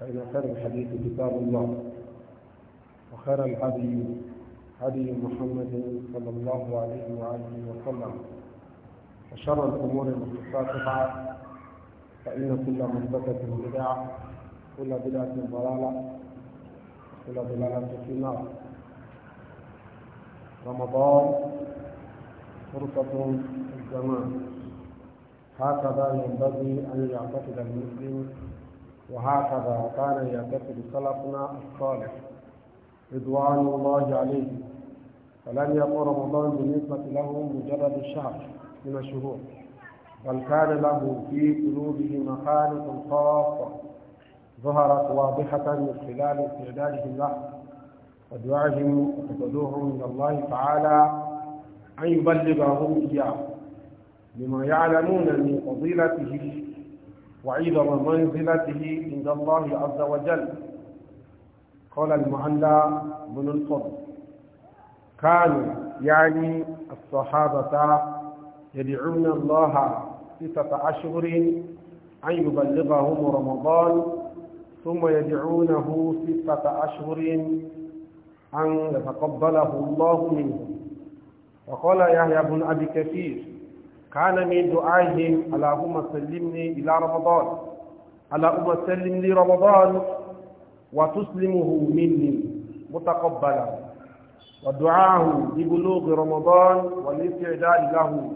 فإن خير الحديث كتاب الله وخير الهدي هدي محمد صلى الله عليه وآله وسلم وشر الأمور محدثاتها فإن كل محدثة بدعة كل بدعة ضلالة كل ضلالة في النار رمضان فرصة الزمان هكذا ينبغي أن يعتقد المسلم وهكذا كان يعتقد سلفنا الصالح رضوان الله عليه فلم يكن رمضان بالنسبة له مجرد شهر من الشهور بل كان له في قلوبه مخالف خاصة ظهرت واضحة من خلال استعدادهم له ودعاهم وتدعوهم إلى الله تعالى أن يبلغهم إياه لما يعلمون من فضيلته وعيد منزلته عند الله عز وجل قال المعلى بن الفضل كانوا يعني الصحابة يدعون الله ستة أشهر أن يبلغهم رمضان ثم يدعونه ستة أشهر أن يتقبله الله منهم وقال يحيى بن أبي كثير كان من دعائهم اللهم سلمني إلى رمضان اللهم سلم لي رمضان وتسلمه مني متقبلا ودعاه ببلوغ رمضان والاستعداد له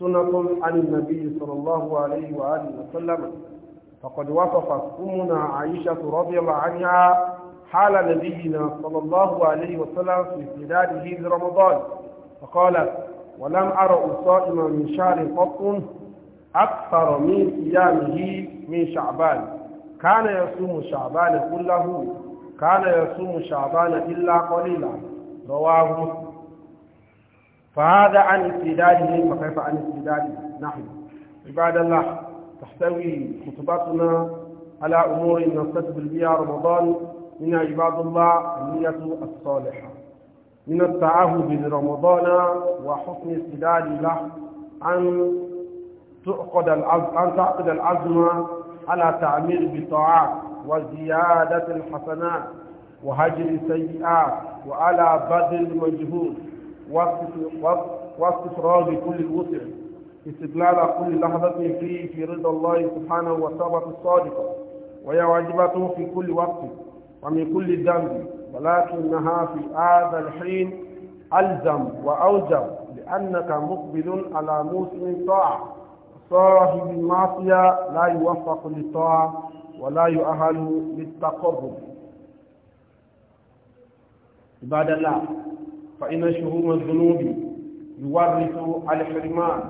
سنة عن النبي صلى الله عليه وآله وسلم فقد وصفت أمنا عائشة رضي الله عنها حال نبينا صلى الله عليه وسلم في امتداده لرمضان فقالت ولم أرى صائما من شهر قط أكثر من صيامه من شعبان كان يصوم شعبان كله كان يصوم شعبان إلا قليلا رواه فهذا عن استعداده فكيف عن استعداده نحن عباد الله تحتوي خطبتنا على أمور نستقبل بها رمضان من عباد الله النية الصالحة من التعهد لرمضان وحسن استدلال له أن تعقد العزم أن تعقد العزم على تعمير بطاعات وزيادة الحسنات وهجر السيئات وعلى بذل المجهود واستفراغ كل الوسع استدلال كل لحظة فيه في رضا الله سبحانه وتعالى الصادقة وهي واجبته في كل وقت ومن كل ذنب ولكنها في هذا الحين ألزم وأوجب لأنك مقبل على موسم طاعة صاحب المعصية لا يوفق للطاعة ولا يؤهل للتقرب عباد الله فإن شهور الذنوب يورث الحرمان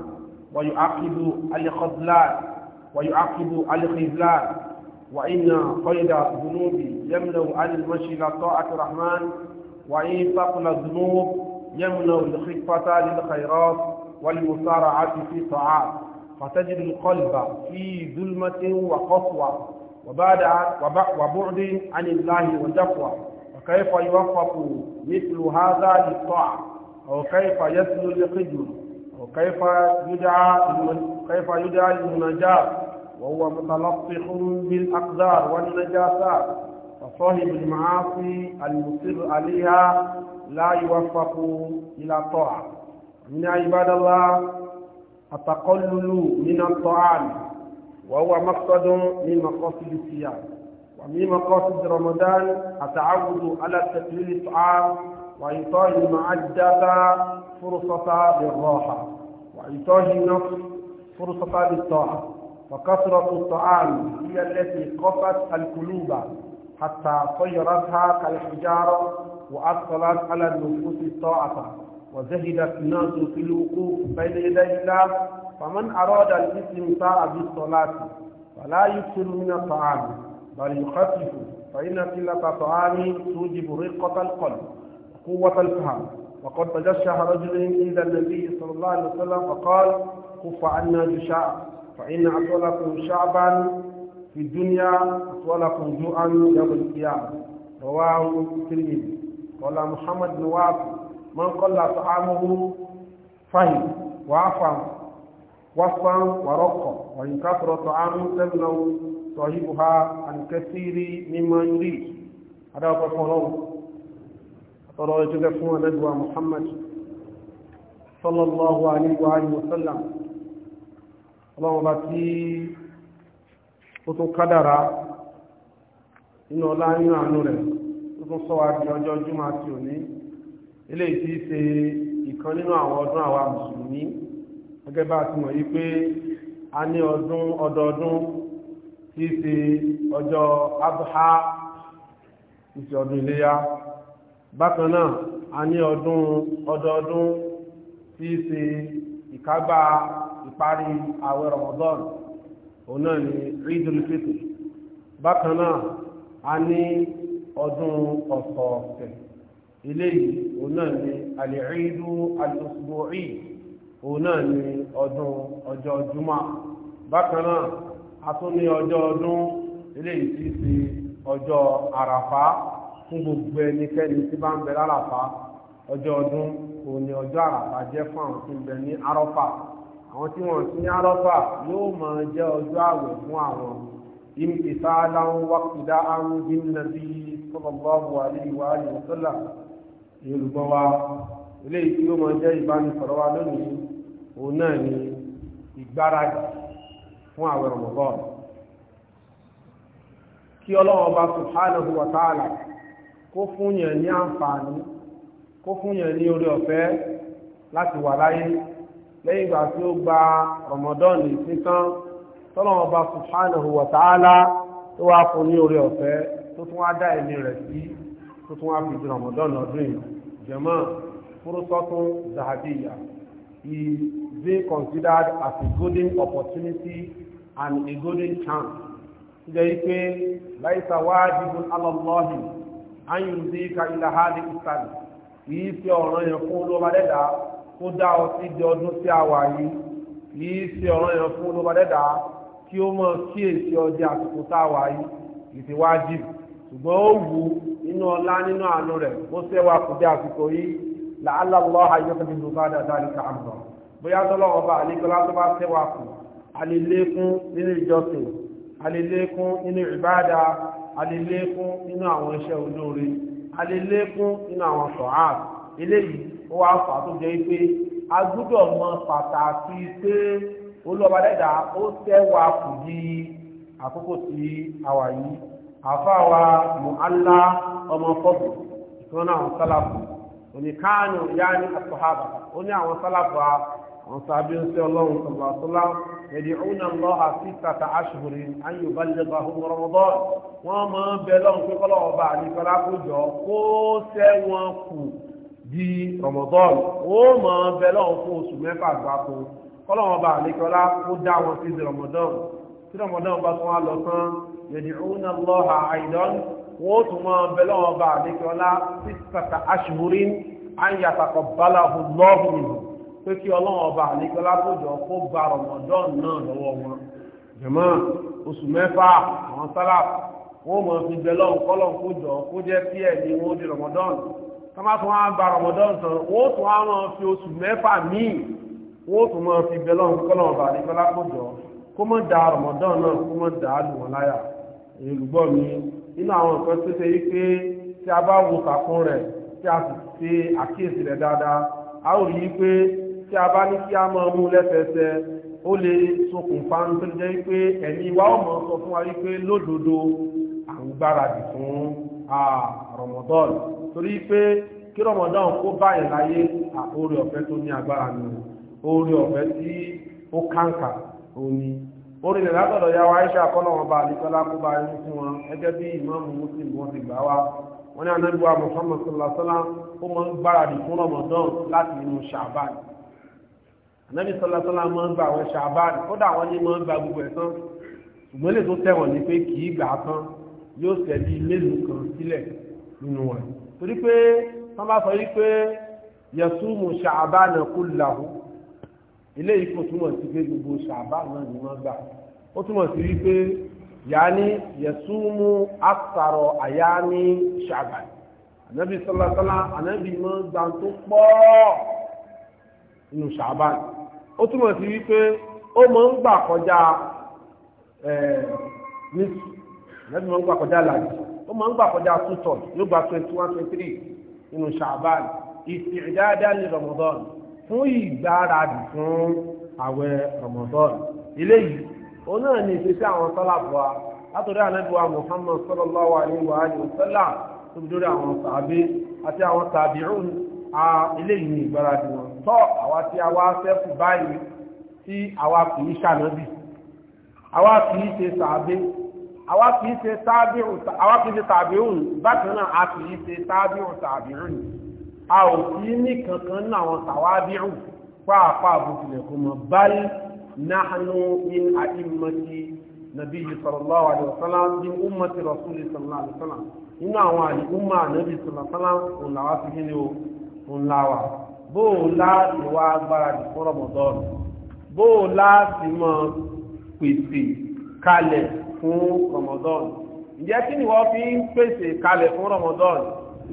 ويعقب الخذلان ويعقب الخذلان وإن قيد الذنوب يمنع عن المشي إلى طاعة الرحمن وإن ثقل الذنوب يمنع الخفة للخيرات والمسارعة في طاعات فتجد القلب في ظلمة وقسوة وبعد وبعد عن الله وتقوى وكيف يوفق مثل هذا للطاعة وكيف يسلو الخدمة وكيف يدعى كيف يدعى للمناجاة وهو متلطخ بالأقدار والنجاسات فصاحب المعاصي المصر عليها لا يوفق إلى الطاعة من عباد الله التقلل من الطعام وهو مقصد من مقاصد الصيام ومن مقاصد رمضان التعود على تقليل الطعام وإعطاء المعدة فرصة للراحة وإعطاء النفس فرصة للطاعة وكثرة الطعام هي التي قفت القلوب حتى صيرتها كالحجارة وأثرت على النفوس الطاعة وزهدت الناس في الوقوف بين يدي الله فمن أراد الاستمتاع بالصلاة فلا يكثر من الطعام بل يخفف فإن قلة الطعام توجب رقة القلب وقوة الفهم وقد تجشح رجل عند النبي صلى الله عليه وسلم فقال كف عنا جشاء فإن أطولكم شعبا في الدنيا أطولكم جوعا يوم القيامة رواه الترمذي قال محمد بن واقع من قل طعامه فهم وعفا وصفا ورقا وإن كثر طعام تمنع صاحبها عن كثير مما يريد هذا هو القرآن أترى يتدفون محمد صلى الله عليه وآله وسلم ọlọ́run bá tí ó tó kádàrá nínú ọlá nínú àánú rẹ̀ ó tún sọ di ọjọ́ júmọ́ àti òní eléyìí tí í ṣe ìkan nínú àwọn ọdún àwa mùsùlùmí gẹ́gẹ́ bá ti mọ̀ yí pé a ní ọdún ọdọọdún tí í ṣe ọjọ́ adha ìṣe ọdún iléyá bákan náà a ní ọdún ọdọọdún tí í ṣe ìkágbá ìparí àwẹ̀ Ramadan òun náà ni Eidul Fitr bákan náà a ní ọdún ọ̀sọ̀ọ̀sẹ̀ eléyìí òun náà ni al-Eidu al-Usbu'i òun náà ni ọdún ọjọ́ Jímọ̀ bákan náà a tún ní ọjọ́ ọdún eléyìí tí í ọjọ́ àràfá fún gbogbo ẹnikẹ́ni tí bá ń bẹ láràfá ọjọ́ ọdún òun ni ọjọ́ àràfá jẹ́ fún àwọn tí ń bẹ ní arọ́fà àwọn tí wọ́n sí ní arọ́fà yóò mọ̀ jẹ́ ọjọ́ àwẹ̀ fún àwọn ìmìtìsáàlá ń wákìdá àrùn dínà bí sallallahu alaihi wa alihi wa sallam yorùbá wa eléyìí tí ó mọ̀ jẹ́ ìbánisọ̀rọ̀ wa lónìí òun náà ni ìgbáradì fún àwẹ̀ Ramadan kí ọlọ́run ọba subhanahu wa ta'ala kó fún yẹn ní àǹfààní kó fún yẹn ní orí ọ̀fẹ́ láti wà láyé lẹ́yìn ìgbà tí ó gba rọmọdọ́ọ̀nì síkán tọ́lọ́wọ́n ọba subhanahu wa ta'ala tó wá fún ní orí ọ̀fẹ́ tó tún wá dá ẹ̀mí rẹ̀ sí tó tún wá fi di rọmọdọ́ọ̀nì ọdún yìí jẹ̀mọ́ fúrúsọ́tún zahabiya is considered as a golden opportunity and a golden chance jẹ́ yí pé láìsà wájibun alọ́lọ́hì ayùn ìsàlẹ̀ kì í ọ̀ràn yẹn fún kó dá ọtí di ọdún tí a wà yìí kì í ṣe ọ̀ràn yẹn fún olóba dẹ́dà kí ó mọ kíyèsí ọjà àsìkò tá a wà yìí kì í ti wájú ṣùgbọ́n ó wù ú nínú ọlá nínú àánú rẹ̀ ó ṣẹ́wà kò dé àsìkò yìí làálà lọ́ àyọ̀kọ̀ nínú bá dáadáa ní káàmù bóyá tọ́lọ́wọ́ bá àlékọ́lá tó bá ṣẹ́wà kù àlélékún nínú ìjọsìn àlélékún nínú ìbáda àlélékún nínú àwọn iṣẹ́ olóore àlélékún nínú àwọn sọ̀hán eléyìí wá fà tó a gbọ́dọ̀ mọ pàtàkì pé olúwa dẹ́dà ó tẹ́wàá kù ní àkókò tí a wà yìí àfáwa mọ̀álá ọmọ fọ́bù àwọn sálàfù òní káànù ìyá ó ní àwọn sálàfù àwọn sàbí ń sẹ́ ọlọ́run sọ̀rọ̀ ẹ̀dì ọ̀nà lọ́ha sí tàtà aṣùhùrì ayé ìbálẹ̀gbà ọmọ ọmọdọ́ wọ́n máa ń bẹ lọ́run pé ọba kó jọ kó sẹ́wọ̀n kù di Ramadan ó mọ bẹlẹ ọhún fún oṣù mẹ́fà gbáko kọlọwọn bá àlékọlá ó dá wọn sí di Ramadan tí Ramadan bá tún wá lọ tán yẹdi ọhún lọha àìdán wọn ó tún mọ bẹlẹ ọhún bá àlékọlá sí tata aṣùwúrín àyàtàkọ bala ọhún lọhùn ìlú pé kí ọlọ́wọ́n ọba àlékọlá tó jọ kó gba Ramadan náà lọ́wọ́ wọn jẹ̀mọ́ oṣù mẹ́fà àwọn sálà wọ́n mọ̀ fi bẹ̀lọ́ ọ̀kọ́lọ̀ kó jọ kó jẹ́ pí ẹ̀ ní wọ́n di Ramadan tọ́má tó wọ́n bá rọmọdọ́n sọ wọ́n tó wọ́n máa fi oṣù mẹ́fà míì wọ́n tó máa fi bẹ́lọ́ kọ́lọ̀ ọ̀bà nígbàlá kó jọ kó mọ́ da rọmọdọ́n náà kó mọ́ da lù wọn láyà olùgbọ́ mi nínú àwọn nǹkan tó ṣe wípé tí a bá wo kàkún rẹ̀ tí a sì ṣe àkíyèsí rẹ̀ dáadáa a ó rí i pé tí a bá ní kí a máa mú lẹ́sẹẹsẹ ó lè ṣokùnfà ń tó jẹ́ wípé ẹ̀mí wa ó mọ̀ sọ fún wa wípé lódodo à gbáradì fún Ramadan torí pé kí rọmọdán kó báyìí láyé oore ọ̀fẹ́ tó ní agbára nù oore ọ̀fẹ́ tí ó kàǹkà òní orí lè látọ̀dọ̀ ya wa aisha kọ́nà wọn bá àdìsọ́lá sallallahu alaihi wasallam ó máa ń gbáradì fún rọmọdán sallallahu alaihi wasallam máa ń gba àwọn ṣàbáàdì kódà wọn ní máa ń gba gbogbo ẹ̀ tán ṣùgbọ́n lè tó tẹ̀wọ̀n yóò ṣẹ́ mélòó kan sílẹ̀ nínú wọn torí pé wọ́n bá sọ wípé yẹ̀súmù ṣàbá náà kú làwù eléyìí kò túmọ̀ sí pé gbogbo ṣàbá náà ni wọ́n gbà ó túmọ̀ sí wípé yàní yẹ̀súmù àtàrọ̀ àyá ní ṣàbá ànábì sọlátọlá ànábì máa ń pọ̀ nínú ṣàbá ó túmọ̀ sí wípé ó máa ń gbà kọjá ẹ̀ẹ́ eh, ní ànábì máa ń gbà kọjá làjì ó máa ń gbà kọjá two tons yóò gba twenty one twenty three nínú ṣàbáàlì ìsìndáadá ní Ramadan fún ìgbáradì fún àwẹ̀ Ramadan eléyìí òun náà ní ìṣesí àwọn sọ́làbù wa látọ̀dọ̀ ànábìwá Muhammad sallallahu alayhi wa alihi wa sallam tó dórí àwọn sàbí àti àwọn tàbíùn a eléyìí ní ìgbáradì wọn tọ́ àwa tí a wá sẹ́kù báyìí tí àwa kì í ṣànábì àwa kì í ṣe sàbí àwa kì í ṣe tàbíùn bákan náà a kì í ṣe tàbíùn tàbíùn a ò sí ní kankan náà wọn tàwábíùn pàápàá àbùkùnlẹ̀ kò mọ̀ báyìí nahnu min a'immati nabiyyi sallallahu alaihi wasallam bi ummati rasuli sallallahu alaihi inú àwọn àlùmọ́ ànábì sallallahu alaihi wasallam kí ni o òun làwà bóò wá agbára di fún Ramadan bóò mọ pèsè kalẹ̀ fún Ramadan ǹjẹ́ kí fi ń pèsè kalẹ̀ fún Ramadan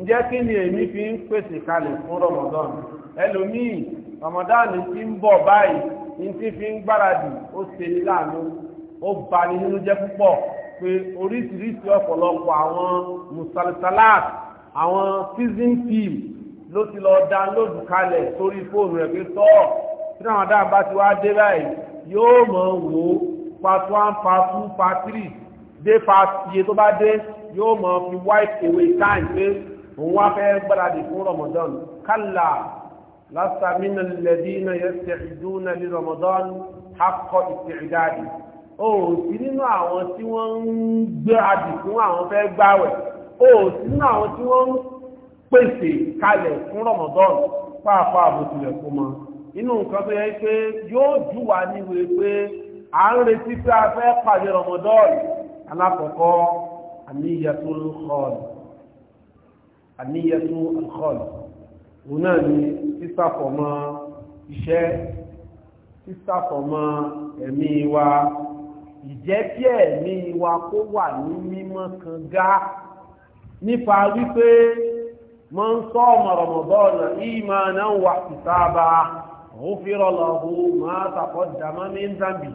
ǹjẹ́ kí ni fi ń pèsè kalẹ̀ fún Ramadan ẹlòmíì Ramadan ti ń bọ̀ báyìí ní ti fi ń gbáradì ó ṣe ní láàánú ó ní nínú jẹ́ púpọ̀ pé oríṣiríṣi ọ̀pọ̀lọpọ̀ àwọn àwọn lọ download kalẹ̀ sórí fóònù tọ́ tí Ramadan bá ti wá part one part two part three dé part iye tó bá dé yóò mọ̀ fi wipe away time pé òun wá fẹ́ gbáradì fún Ramadan kálà lásàmínà lẹ́dínà yẹsẹ̀ ìdúnà ní Ramadan akọ ìtìrìdáàdì o ò sí nínú àwọn tí wọ́n ń gbáradì fún àwọn fẹ́ gbáwẹ̀ o ò sí nínú àwọn tí wọ́n ń pèsè kalẹ̀ fún Ramadan pàápàá bó tilẹ̀ kó mọ inú nǹkan tó yẹ pé yóò jù wá níwèé pé à ń retí pé a fẹ́ pàdé rọmọdọ́ọ̀lù alákọ̀ọ́kọ́ àníyàtú alkhọ́ọ̀lù àníyàtú alkhọ́ọ̀lù òun náà ni sísàfọ̀mọ́ iṣẹ́ sísàfọ̀mọ́ ẹ̀mí wa ìjẹ́ kí ẹ̀mí wa kó wà ní mímọ́ kan gá nípa wípé mọ́ ń sọ ọmọ rọmọdọ́ọ̀nà ìmọ̀ náà wà ìsáàbà òun fi rọ̀ lọ́hùn máa tàkọ́ dàmọ́ ní zambi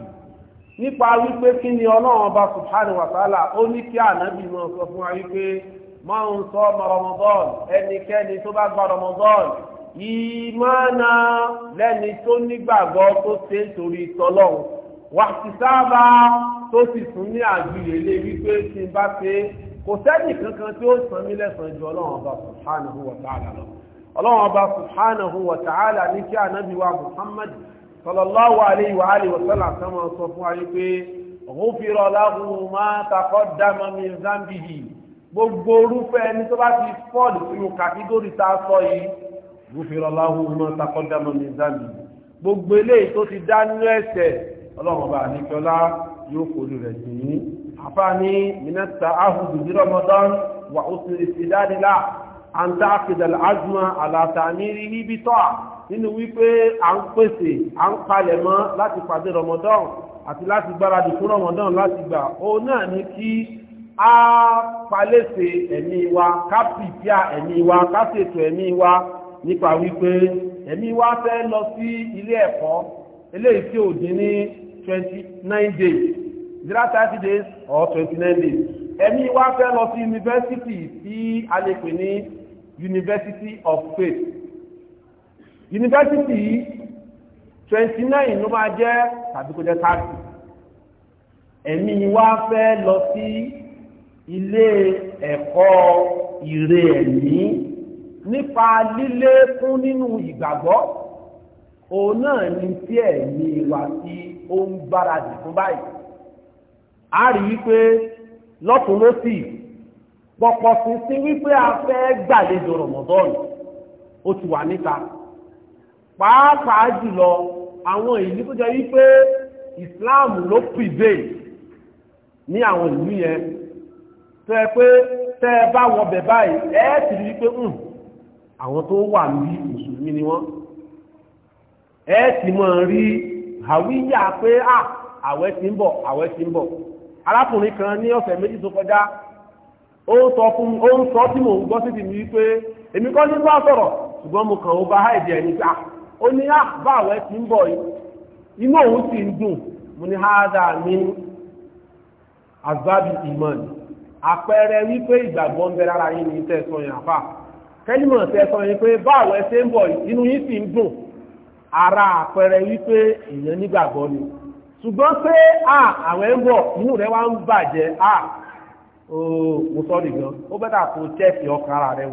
nípa wípé kí ni ọlọ́run ọba subhanahu wa ta'ala ó ní kí ànábì mọ̀ sọ fún wa wípé máa ń sọ ọmọ rọmọdọ́ọ̀n ẹnikẹ́ni tó bá gba rọmọdọ́ọ̀n ìmọ̀nà lẹ́ni tó nígbàgbọ́ tó ṣe ń torí tọlọ́run wà sí sábà tó sì tún ní àjùlé lé wípé tí n bá ṣe kò sẹ́ni kankan tí ó san mí lẹ́sàn ju ọlọ́run ọba subhanahu wa lọ ọlọ́run ọba subhanahu wa ní kí ànábì wa muhammad sallallahu alayhi wa alihi wa sallam àtàwọn sọ fún ayé pé ghufira lahu ma taqaddama min zambihi gbogbo orúfẹ́ ẹni tó bá ti fọ́ọ̀lù sínú kàtígórì tá a sọ yìí ghufira lahu ma taqaddama min zambihi gbogbo eléyìí tó ti dá nínú ẹ̀ṣẹ̀ ọlọ́run ọba àníkọlá yóò kórè rẹ̀ sí i àfáàní minista ahudu bí ramadan wà ó ti rí sí dáadéla àǹtá àkìdàlá azuma àlàtà ní rí níbi tọ́à nínú wípé à ń pèsè à ń palẹ̀ mọ́ láti pàdé Ramadan àti láti gbáradì fún Ramadan láti gbà òun náà ní kí a palẹ̀sẹ̀ ẹ̀mí wa ká pìpíà ẹ̀mí wa ká ṣètò ẹ̀mí wa nípa wípé ẹ̀mí wa fẹ́ lọ sí ilé ẹ̀kọ́ eléyìí tí ò dín ní twenty nine days zero thirty days or twenty nine days ẹ̀mí wa fẹ́ lọ sí yunifásitì tí a lè pè ní University of Faith yunifásitì yìí twenty nine ló máa jẹ́ tàbí kó jẹ́ thirty ẹ̀mí wa fẹ́ lọ sí ilé ẹ̀kọ́ ìre ẹ̀mí nípa lílé fún nínú ìgbàgbọ́ òun náà ni tí ẹ̀mí wa tí ó ń gbáradì fún báyìí a rí wípé lọ́tún ló pọ̀pọ̀ sí sí wípé a fẹ́ gbàlejò rọ̀mọ́dọ́ọ̀nù ó ti wà níta pàápàá jùlọ àwọn ìlú tó jẹ́ wípé Islam ló prevail ní àwọn ìlú yẹn tẹ́ ẹ pé tẹ́ ẹ wọ bẹ̀ báyìí ẹ ti rí pé hmm, àwọn tó wà ní mùsùlùmí ni wọ́n ẹ ti mọ̀ rí àwíyà pé àwẹ̀ ti ń bọ̀ ti ń bọ̀ kan ní ọ̀sẹ̀ méjì tó kọjá ó ń sọ fún ó ń sọ tí mò ń gbọ́ sí ti mi wípé èmi kọ́ ní bá sọ̀rọ̀ ṣùgbọ́n mo ó ní àbáwẹ̀ ah, ń bọ̀ inú òun sì ń dùn mo ní háàdà ní azabi iman àpẹẹrẹ wípé ìgbàgbọ́ bẹ lára yín ní tẹ̀sán yẹn àfà kẹ́límọ̀ tẹ̀sán pé báwẹ̀ tí ń bọ̀ inú yín sì ń dùn ara àpẹẹrẹ wípé èèyàn nígbàgbọ́ ni ṣùgbọ́n pé à ń bọ̀ inú rẹ̀ wá ń bàjẹ́ à gan ó bẹ́tà kó ọkàn ara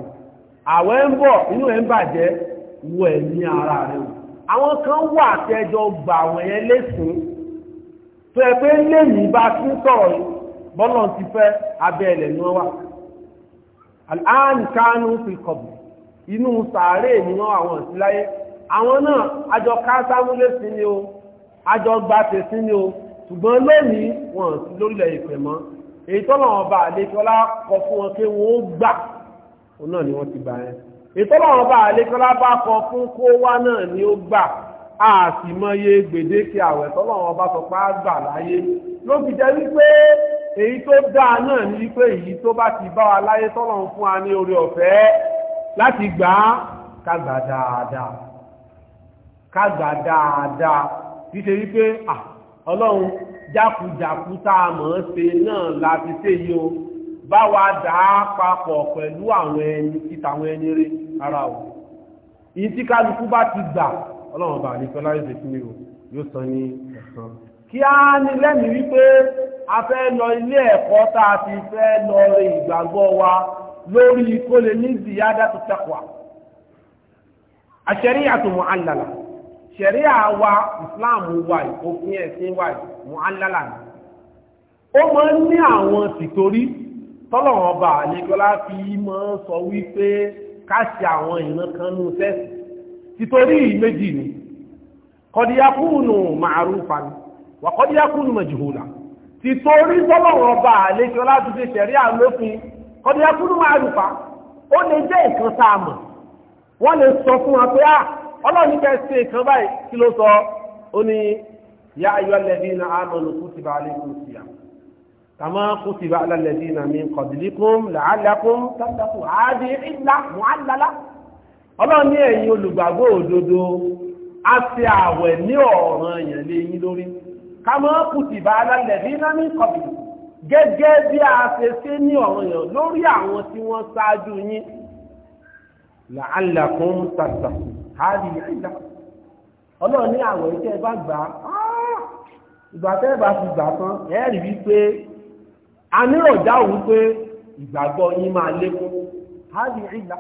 wọ ẹ̀mí ara rẹ̀ wò àwọn kan wà tẹ́jọ gbà àwọn yẹn lẹ́sìn tó ẹ pé lẹ́yìn bá tún sọ̀rọ̀ yìí bọ́lọ̀ ti fẹ́ abẹ́ ẹ̀lẹ̀ ni wọ́n wà àánì kánú fi kọ̀bù inú sàárè ni wọ́n àwọn ìsìláyé àwọn náà àjọ kásámúlé sí ni o àjọ gbàtẹ̀ sí ni o ṣùgbọ́n lónìí wọn sí lórílẹ̀ ìpè mọ́ èyí tọ́lọ̀ ọba àlejò ọlá kọ fún wọn pé wọn gbà òun náà ni wọ́n ti gbà yẹn ìtọ́lọ́wọ́n bá àlékọ́lá bá kọ fún kó wá náà ni ó gbà á sì mọye gbèdéke àwẹ̀ tọ́lọ́wọ́n bá sọ pé á gbà láyé ló fi jẹ́ wípé èyí tó dáa náà ni wípé èyí tó bá ti bá wa láyé tọ́lọ́wọ́n fún wa ní oore ọ̀fẹ́ láti gbà á ká dáadáa ká dáadáa kì wípé ọlọ́run jákujàku tá a mọ̀ ọ́n ṣe náà la fi ṣe yìí o bá wa dà á papọ̀ pẹ̀lú àwọn ẹni títa àwọn ẹni rí ara ò yìí tí kálukú bá ti gbà ọlọ́run bá ní fẹ́lá ìṣe kí ni o yóò san ní ẹ̀san kí á ní lẹ́mìí wípé a fẹ́ lọ ilé ẹ̀kọ́ tá a ti fẹ́ lọ rí ìgbàgbọ́ wa lórí kó lè ní ziyada tó taqwa àṣẹríyà tó mọ alala ṣẹríyà wa islam wa òfin ẹ̀sìn wa mọ alala ni ó máa ń ní àwọn tìtorí tọ́lọ̀wọ̀n ọba àlejọ́lá fi mọ́ sọ wípé káṣí àwọn ìran kan nú sẹ́sì títorí méjì ni kọ́díyàkúnù màrúfà ni wà kọ́díyàkúnù màjùhùlà títorí tọ́lọ̀wọ̀n ọba àlejọ́lá ti ṣe ṣẹ̀rí àlófin kọ́díyàkúnù màrúfà ó lè jẹ́ nǹkan tá a mọ̀ wọ́n lè sọ fún wa pé ọlọ́run kẹ́ ṣe nǹkan báyìí kí ló sọ ó ní yá ayọ́ lẹ́bí náà á lọ lòkú ti bá a lè kú sí àwọn kàmá kutiba ala alladhina min qablikum la'allakum tattaqun àádé ìlà mu'allala ọlọ́run ní ẹ̀yin olùgbàgbọ́ òdodo a ti àwẹ̀ ní ọ̀ràn yẹn lé yín lórí kàmá kutiba ala alladhina min qablikum gẹ́gẹ́ bí a ṣe ṣe ní ọ̀ràn yẹn lórí àwọn tí wọ́n ṣáájú yín la'allakum tattaqun àádé ìlà ọlọ́run ní àwẹ̀ tẹ́ bá gbà á ah, ìgbà tẹ́ bá ti gbà tán ẹ̀rí wípé anírọ̀dá wípé ìgbàgbọ́ yín máa lékún hádìí ìlà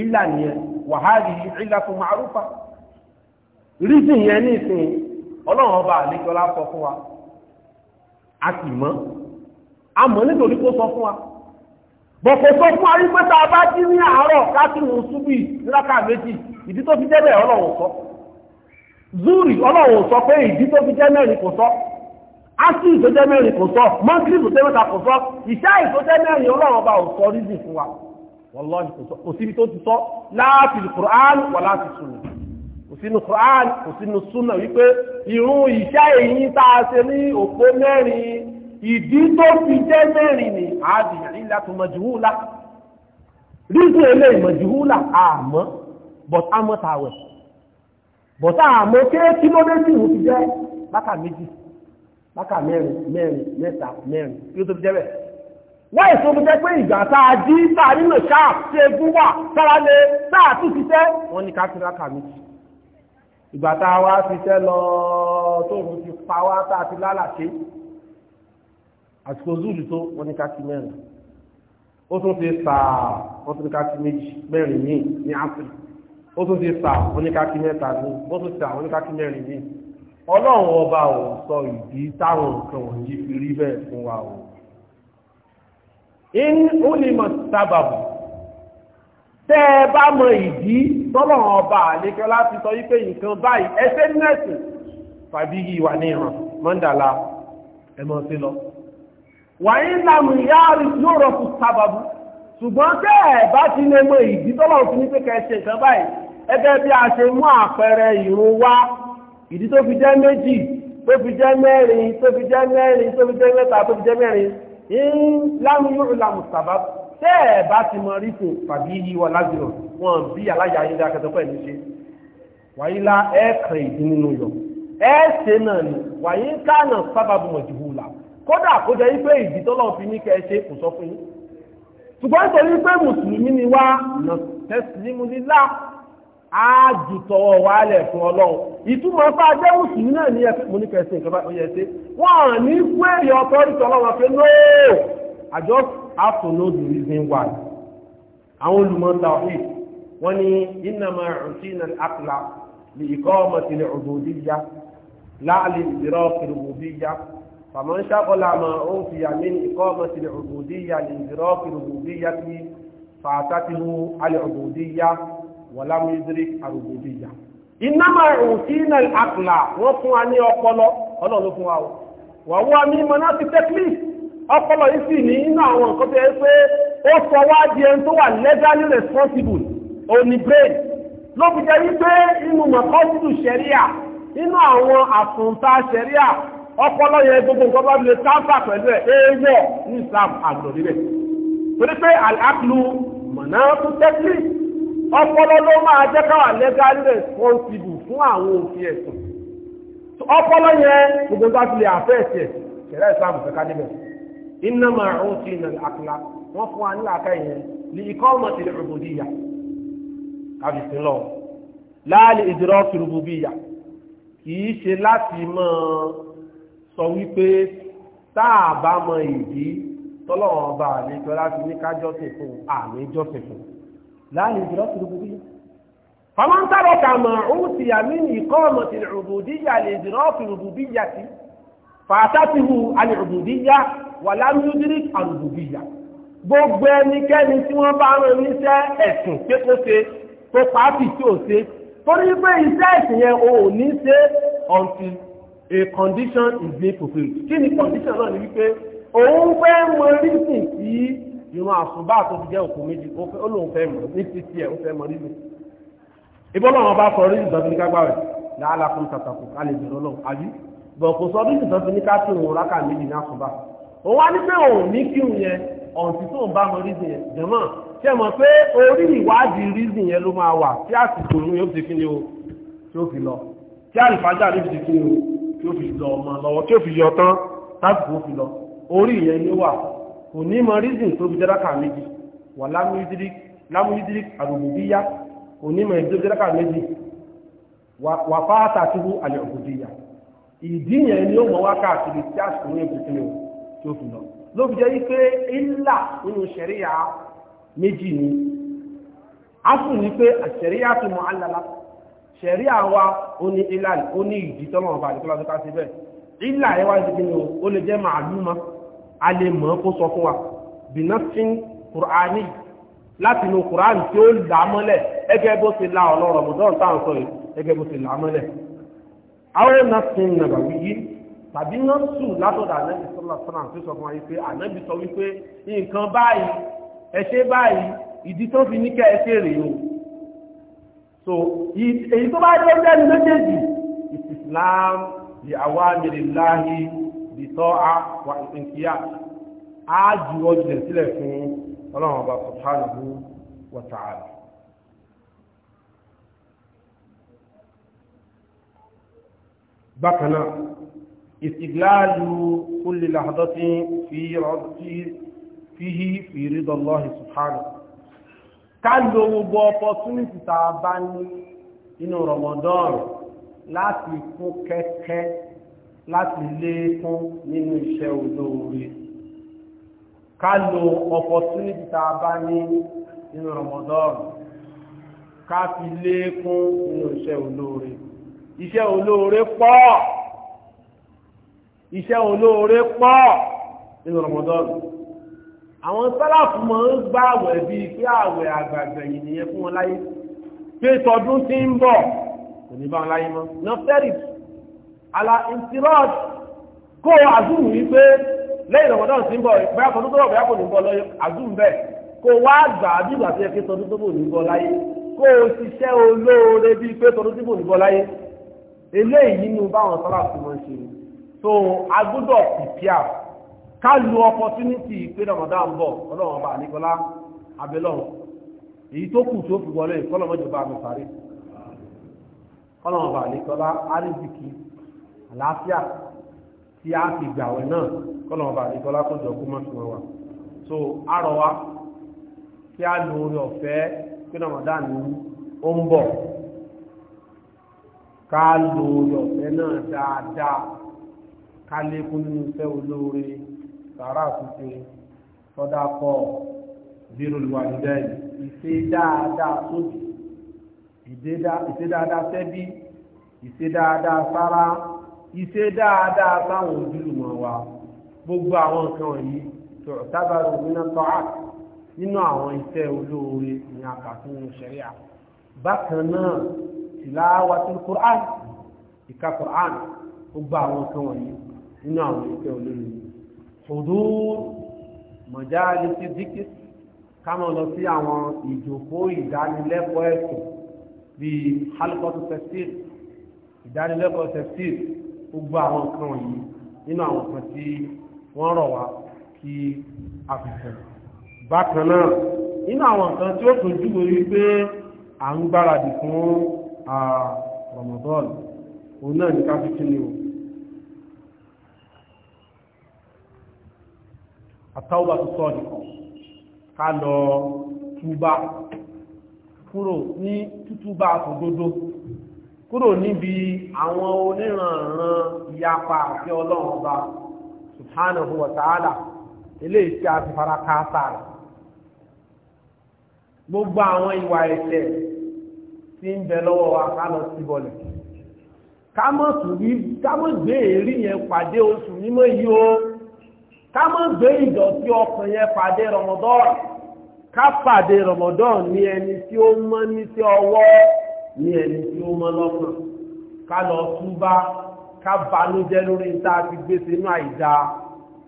ìlà nìyẹn wàhádìí ìlà tó máa rúpa rídì yẹn ní ìsìn ọlọ́run ọba àlejọ́lá sọ fún wa a sì mọ̀ a mọ̀ nítorí kó sọ fún wa bọ̀kọ̀ sọ fún wa wípé tá bá jí ní àárọ̀ káàkiri ṣubí níláka méjì ìdí tó fi jẹ́ bẹ́ẹ̀ ọlọ́run sọ zúrì ọlọ́run sọ pé ìdí tó fi jẹ́ mẹ́rin kò sọ ásì ìtọ́jẹ́ mẹ́rin kò sọ mọ́tírì tó tẹ́ mẹ́ta kò sọ ìṣá ìtọ́jẹ́ mẹ́rin ọlọ́run ọba ò sọ rídì fún wa wallahi kò síbi tó ti sọ láti Qur'an wà láti sunna kò sínú Qur'an kò sínú sunna wípé ìrun ìṣá èyí tá a ṣe ní òpó mẹ́rin ìdí tó fi jẹ́ mẹ́rin méjì láka mẹ́rin mẹ́rin mẹ́ta mẹ́rin kí ó tó fi jẹ́ bẹ́ẹ̀. láì tó fi jẹ́ pé ìgbà tá a dí tá a ṣáà tí egun wà sára lé tá a tún ṣiṣẹ́ wọ́n ní ká kí láka méjì. ìgbà tá a wá ṣiṣẹ́ lọ tó òun ti pa wá tá a ti lálàṣe àsìkò zúlù tó wọ́n ní ká kí mẹ́rin ó tún ti fà wọ́n tún ní ká kí méjì mẹ́rin ní ní áfíríkà ó tún ti fà wọ́n ní ká kí mẹ́ta ní ó tún ti wọ́n ní ká kí mẹ́rin ní ọlọ́run ọba ò sọ ìdí táwọn nǹkan wọ̀nyí fi rí bẹ́ẹ̀ fún wa o in onímọ̀ sábàbù tẹ́ ẹ bá mọ ìdí tọ́lọ́run ọba àlékẹ́ láti sọ wípé nǹkan báyìí ẹsẹ̀ nẹ́ẹ̀sì tàbí ìwà ní ìràn mọ́ndàlá ẹmọ sí lọ wà ní lámù ìyá rí yóò rọ̀kù sábàbù ṣùgbọ́n tẹ́ ẹ bá ti lè mọ ìdí tọ́lọ́run fi ní pé kẹ́ ṣe nǹkan báyìí ẹgẹ́ bí a ṣe mú àpẹẹrẹ ìrún wá ìdí tó fi jẹ́ méjì tó fi jẹ́ mẹ́rin tó fi jẹ́ mẹ́rin tó fi jẹ́ mẹ́ta tó fi jẹ́ mẹ́rin láàmú yóò lámù sábà tẹ́ ẹ̀ bá ti mọ rífò tàbí yí wọn lágbèrò wọn bí aláya ayé dá kẹtọ pẹ̀lú ṣe wàyí la ẹ kàn ìdí nínú yọ ẹ ṣe náà ni wàyí kánà sábàbù mọ̀jùbù là kódà kó jẹ́ pé ìdí tó lọ́ọ́ fi ní kẹ́ ẹ ṣe kò sọ fún yín ṣùgbọ́n nítorí pé mùsùlùmí ni wá nà tẹ́sílímù á jù tọwọ́ wálẹ̀ fún ọlọ́run ìtumọ̀ fún adéhùn sí náà ní ẹ̀fẹ́ mo ní kẹ́ ṣe ìjọba ìyẹn ṣe wọ́n ní fún èèyàn ọ̀tọ́rìtì ọlọ́run pé no I just have to know the reason why àwọn olùmọ̀ta ọ̀hìn wọ́n ní innama utina al-aqla li iqamati al-ubudiyya la li idraki al-rububiyya faman shaghala ma ufiya min iqamati al-ubudiyya li idraki al-rububiyya fa'atatihi al-ubudiyya wàlámù ìdírí àrùbòdì ìyá iná máa rùn sí iná àkùlà wọ́n fún a ní ọpọlọ ọlọ́run ló fún wa o wà wọ́n ní mọ́nà ti tẹ́kílì ọpọlọ yìí sì ní iná àwọn nǹkan tó yẹ pé ó sọ wá di ẹni tó wà legally responsible òní brain ló fi jẹ́ wípé inú mọ̀kọ́sídù ṣẹ̀ríà inú àwọn àtúntà ṣẹ̀ríà ọpọlọ yẹn gbogbo nǹkan bá lè tábà pẹ̀lú ẹ̀ éèyàn ní Islam àgbọ̀dọ̀ níbẹ̀ torí pé àlàkùlù mọ̀nà tó tẹ́kílì ọpọlọ ló máa jẹ́ káwà legal responsible fún àwọn òfin ẹ̀sùn ọpọlọ yẹn gbogbo tó ti lè àfẹ́ ẹ̀sẹ̀ ṣẹlẹ̀ islam fẹ́ ká níbẹ̀ iná máa ń ti ìnà àkùlá wọ́n fún wa nílà ká yẹn ní ikọ́ ọmọ ti lè rògbòdì ìyà káfíńsì lọ láàlì ìdúró kìrùbù bí ìyà kì ṣe láti máa sọ wípé tá a bá mọ ìdí tọ́lọ́wọ́n ọba àlejò láti ní ká jọ́sìn fún àmì jọ́sìn fún un láàrin ìjìlọ́ ti rúgbù díyà ọmọ ń tàbí kàmà òun ti yàmí ní ikọ́ ọmọ ti rúgbù díyà lè jìlọ́ fi rúgbù díyà sí fàtàtìhù alìrúgbù díyà wà lámúdírí àrùgbù díyà gbogbo ẹnikẹ́ni tí wọ́n bá rán níṣẹ́ ẹ̀sùn pé kó ṣe tó pàápì tí ò ṣe torí pé iṣẹ́ ẹ̀sìn yẹn o ò ní ṣe until a condition is being fulfilled kí ni condition náà ni wípé òun fẹ́ mọ rísìn sí ìrún àsùnbà tó fi jẹ́ òkú méjì ó lóun fẹ́ mọ̀ ní títí ẹ̀ ó fẹ́ mọ̀ nínú ìbọn náà wọn bá sọ rí ìdọ́tí ní kágbá rẹ̀ láàlá fún tàtàkù ká lè bẹ̀rẹ̀ ọlọ́run àbí bọ̀kù sọ rí ìdọ́tí ní ká tún òun rákà méjì ní àsùnbà òun wá ní pé òun ní kírun yẹn ọ̀ǹtí tó ń bá mọ rí yẹn jẹ̀mọ́ ṣe mọ̀ pé orí ìwádìí rí yẹn ló máa wà tí àsìkò òun yóò ti fi ní o tí ó fi lọ tí àlùfáàjà ló ti fi ní o tí ó fi lọ ọmọ lọ́wọ́ tí ó fi yọ tán tásìkò ó fi lọ orí ìyẹn ló wà kò ní mọ rízìn tó fi jẹ́ráka méjì wà lámúyídírík àrùbùbíyá kò ní mọ ìdí jẹ́ráka méjì wà fáátà tó àlẹ́ ni ó mọ wá káàkiri tí àsìkò ní ìbùkún ní tó fi lọ ló fi jẹ́ nínú ṣẹ̀ríyà méjì ni a sì ní pé ṣẹ̀ríyà mọ ṣẹ̀ríyà wa ó ní ìlà ó ní ìdí ọba àdìkọ́lá tó ká sí bẹ́ẹ̀ ó lè jẹ́ a lè mọ̀ kó sọ fún wa bìnàfin kùránì láti inú kùránì tí ó là á mọ́lẹ̀ ẹgẹ́ bó ti la ọ̀nà rọ̀mùdọ́n tá à ń sọ yìí ẹgẹ́ bó ti là á mọ́lẹ̀. àwọn nàfin nàbà wíyí tàbí nọ́ọ̀sù látọ̀dọ̀ ànábì sọ́lá sọ́nà tó sọ fún wa yìí pé ànábì sọ wípé nǹkan báyìí ẹ ṣe báyìí ìdí tó fi ní kẹ́ ẹ ṣe rèé o so èyí tó bá jẹ́ jẹ́ méjèèjì ìsìlám bìtọ́à wà ìpínkìyà á ju ọjọ́ sílẹ̀ fún ọlọ́run ọba subhanahu wa ta'ala. bákan náà ìsìgláàlù kulli lahdatin fi rọ́tí fíhí fi ridallahi subhanahu ká lo gbogbo opportunity tá a bá ní inú Ramadan láti kún kẹ́kẹ́ láti lékún nínú iṣẹ́ olóore ká lo opportunity tá bá ní nínú Ramadan ká fi lékún nínú iṣẹ́ olóore iṣẹ́ olóore pọ̀ iṣẹ́ olóore pọ̀ nínú Ramadan àwọn sálàfù máa ń gba àwẹ̀ bíi pé àwẹ̀ àgbàgbẹ̀ yìí nìyẹn fún wọn láyé pé tọdún tí ń bọ̀ kò ní bá wọn láyé mọ́ nọ́fẹ́rìsì àlà ìtìrọ́d kó àzùm yìí pé lẹ́yìn ọ̀pọ̀dọ̀ sí ń bọ̀ bóyá tọdún tó bọ̀ bóyá kò ní bọ̀ lọ́yọ àzùm bẹ́ẹ̀ kó wá gbà á bí ìgbà tó yẹ kí tọdún tó bò ní bọ̀ láyé kó o ṣiṣẹ́ olóore bíi pé tọdún tó bò ní bọ̀ láyé eléyìí nínú báwọn sọ́lá tó mọ̀ ṣe ni so agbọ́dọ̀ pìpìà ká lu opportunity pé ọmọdé à ń bọ̀ ọlọ́run ọba àníkọlá abẹ́lọ́run èyí tó kù tó fi wọlé kọ́lọ́mọ́jọba àmì sáré kọ́lọ́run ọba àníkọlá áríbìkì àlàáfíà tí a fi gbàwẹ̀ náà kọ́lọ̀mọba àdìgọ́lá kó jọ kó mọ́sùn wọn wà so arọ wa kí a lo orí ọ̀fẹ́ kí Ramadan ó ń bọ̀ ká lo orí ọ̀fẹ́ náà dáadáa ká lékún nínú iṣẹ́ olóore sàárà àtúnṣe sọ́dá kọ́ birul walidain ìṣe dáadáa sódì ìṣe dáadáa sẹ́bí ìṣe dáadáa sára ìṣe dáadáa báwọn ojúlùmọ̀ wa gbogbo àwọn nǹkan wọ̀nyí tó tábàrò nínú tọ́á nínú àwọn iṣẹ́ olóore ní àkàtúnú ṣẹ̀ríà bákan náà tilawatul Qur'an ìka Qur'an gbogbo àwọn nǹkan wọ̀nyí nínú àwọn iṣẹ́ olóore hudur majalisi zikir kámọ lọ sí àwọn ìjókòó ìdánilẹ́kọ̀ọ́ ẹ̀sìn bíi halqatu tafsir ìdánilẹ́kọ̀ọ́ tafsir gbogbo àwọn nǹkan wọ̀nyí nínú àwọn nǹkan tí wọ́n rọ̀ wá kí a fi tẹ̀. bákan náà nínú àwọn nǹkan tí ó tún júwe wípé à ń gbáradì fún Ramadan òun náà ní ká fi kí ni o. àtàwùbá tó sọ nìkan ká lọ túbá kúrò ní tútúbá àtòdodo kúrò níbi àwọn oníranran ìyapa àti ọlọ́run ọba subhanahu wa eléyìí tí a ti fara gbogbo àwọn ìwà ẹ̀ṣẹ̀ tí ń bẹ lọ́wọ́ wa ká lọ sí ká o gbé ìdọ̀tí ọkàn yẹn pàdé ká pàdé ní ẹni tí ó mọ́ ní ní ẹni tí ó mọ́ lọ́kàn ká lọ túbá ká banújẹ́ lórí tá a ti gbé sínú àìdá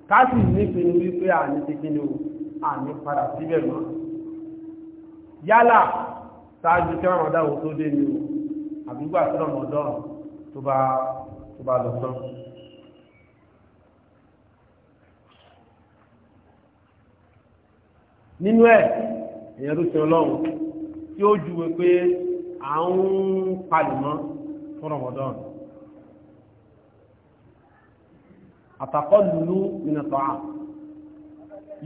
ká sì nípinnu wípé àní ti kí ni o àní padà síbẹ̀ mọ́ yálà ṣáájú kí ọ̀rọ̀dá wo tó dé ni o àbígbà tí ọ̀rọ̀dán tó bá tó bá lọ tán. nínú ẹ̀ èèyàn ló sin ọlọ́run tí ó júwe pé à ń palùmọ́ fún Ramadan àtàkọ́lùlú ìnàtọ̀ à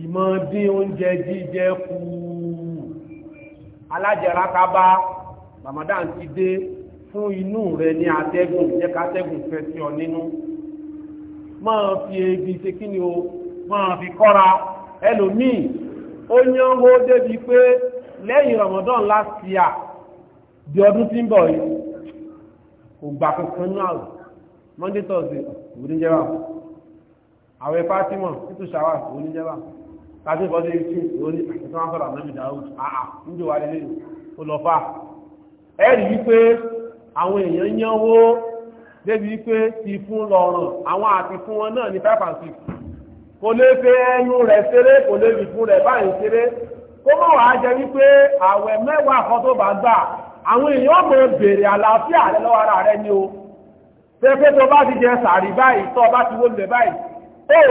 ìmọ̀ dín oúnjẹ jíjẹ kú alájẹrákábá Ramadan ti dé fún inú rẹ ní atẹ́gùn jẹ́ kátẹ́gùn fẹ́ sí ọ nínú máa fi ebi ṣe kí ni o máa fi kọ́ra ẹlòmíì ó yán wó débi pé lẹ́yìn Ramadan last year di ọdún tí ń bọ̀ yìí kò gbà kankan náà monday thursday kò ní jẹ́ bá àwọn ẹ̀fà tí mọ̀ títù ṣàwà kò ní jẹ́ bá tàbí ìbọdé ìṣe ìwọ ní àtẹ̀tẹ̀ wọn sọ̀rọ̀ àmì ìdáwó àà ń jò wá lélẹ̀ ó lọ fà ẹ rí wípé àwọn èèyàn yánwó débi wípé ti fún lọ́rùn àwọn àti fún wọn náà ní five and six kò lè fẹ́ ẹnu rẹ̀ ṣeré kò lè fi fún rẹ̀ báyìí ṣeré kó mọ̀ wá jẹ́ wípé àwẹ̀ mẹ́wàá kan bá gbà àwọn èèyàn mọ̀ bèèrè àlàáfíà rẹ lọ́wọ́ ara rẹ ni o pẹ́pẹ́ tó bá ti jẹ sàárì báyìí tó bá ti wọlé báyìí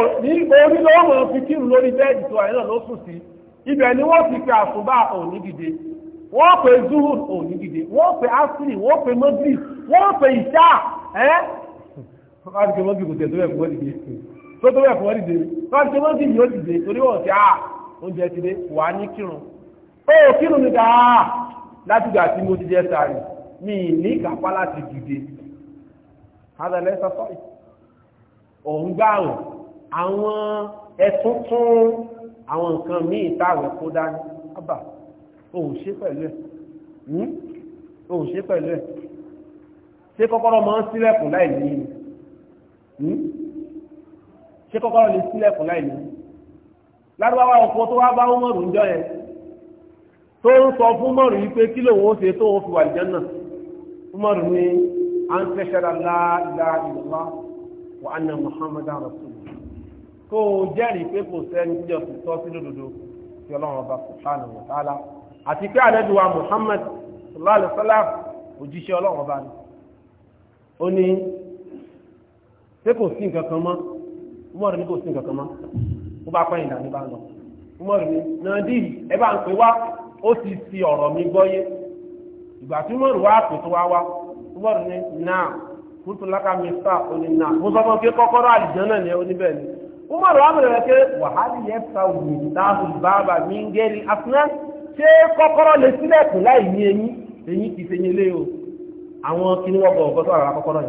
ó ní orí lọ́wọ́ mọ̀ fi kírun lórí bẹ́ẹ̀dì tó àyẹ̀nà ló sùn sí ibẹ̀ ni wọ́n ti pe àsùbá òní dìde wọ́n pe zuhur òní dìde wọ́n pe asiri wọ́n pe mọ́gírì wọ́n pe ìṣá ẹ́ láti pe mọ́gírì kò tẹ̀ tó bẹ̀ fún wọ́n dìde tó tó bẹ̀ fún wọ́n dìde láti pe mọ́gírì yóò dìde torí wọ́n ti à ah, oúnjẹ ti dé wà á ní kírun ó kírun ni dáa látìgbà tí mo ti jẹ sàárì mi ní ìkàpá láti dìde adàlẹ́ sọ́tọ́ òun gbààrùn àwọn ẹ̀túntún àwọn nǹkan míì táwọn kó dání ábà òun ṣe pẹ̀lú ẹ̀ òun ṣe pẹ̀lú ẹ̀ ṣé kọ́kọ́rọ́ máa ń sílẹ̀kùn láì ní ní ṣé kọ́kọ́rọ́ lè sílẹ̀kùn láì ní lárúbáwá ọkọ̀ tó wá bá wọn mọ̀rún jọ yẹn tó ń sọ fún mọ́rù yìí pé kí lòun ó ṣe tó ń fi wà ìjẹ́nà mọ́rù ní àǹtẹ́ṣẹ́ra láàlá ìlọ́lá wà á nà Muhammad rasulullah kó o jẹ́rìí pé kò sẹ́ni tí yọ̀ tọ́ sí lódodo tí ọlọ́run ọba subhanahu wa ta'ala àti pé àlejò wa Muhammad sallallahu alaihi wasallam òjíṣẹ́ ọlọ́run ọba ni ó ní pé kò sí nǹkan kan mọ́ mọ́rù ní kò sí nǹkan kan mọ́ ó bá pẹ́yìn dà bá lọ mọ́rù ní nàdí ẹ bá ń pè wá ó si fi ọ̀rọ̀ mi gbọ́yé ìgbà tí mọ̀rù wá pè tó wá wá na ní náà kúrútùlákà mista ó ní náà mo sọ fún pé kọ́kọ́rọ́ àlìjánà ni ó ní bẹ́ẹ̀ ni mọ̀rù wá bẹ̀rẹ̀ pé wàhálì yẹn ta òwò ìdáhù bàbà mi ń gẹ́ni àfúná ṣé kọ́kọ́rọ́ lè sílẹ̀kùn láì ní kì o àwọn ọ̀gọ́ tó àrà kọ́kọ́rọ́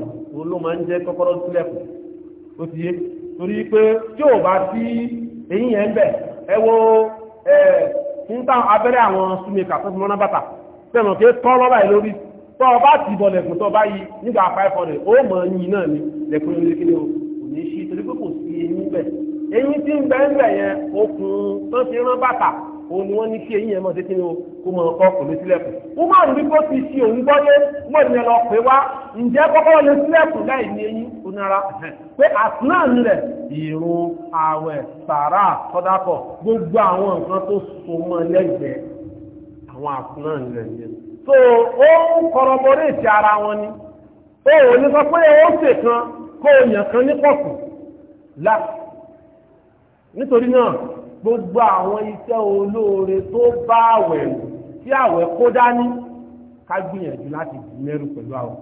ń tán abẹ́rẹ́ àwọn súnmẹ́kà tó fi mọ́ná bàtà tẹ̀mọ̀ kí tọ́ lọ́bàá lórí tọ́ ọ bá ti bọ̀ lẹ̀kùn tọ́ bá yí nígbà àpáẹ́fọ́ rẹ̀ ó mọ̀ yín náà ni lẹ̀kùn lórí kí ni o kò ní ṣí torí pé kò sí eyín bẹ̀ eyín tí ń òun ni wọ́n ní kí eyín yẹn mọ̀ títí ni o kó mọ̀ ọkọ kò lè sílẹ̀kùn. wọ́n máa ń rí bó ti ṣe òun gbọ́yé wọ́n ní lọ pé wá ǹjẹ́ kọ́kọ́ lè sílẹ̀kùn láì ní eyín onara pé àtúnáàn rẹ̀ ìrun ààwẹ̀ sàrà kọ́dákọ̀ gbogbo àwọn nǹkan tó so mọ́ lẹ́gbẹ̀ẹ́ àwọn àtúnáàn rẹ̀ yẹn. so ó ń kọrọbọréètì ara wọn ni ó ò ní sọ pé ó ṣe kan kó o yàn kan ní pọ̀kù lá nítorí náà gbogbo àwọn iṣẹ́ olóore tó bá àwẹ̀ tí àwẹ̀ kó dání ká gbìyànjú láti dì mẹ́rù pẹ̀lú àwẹ̀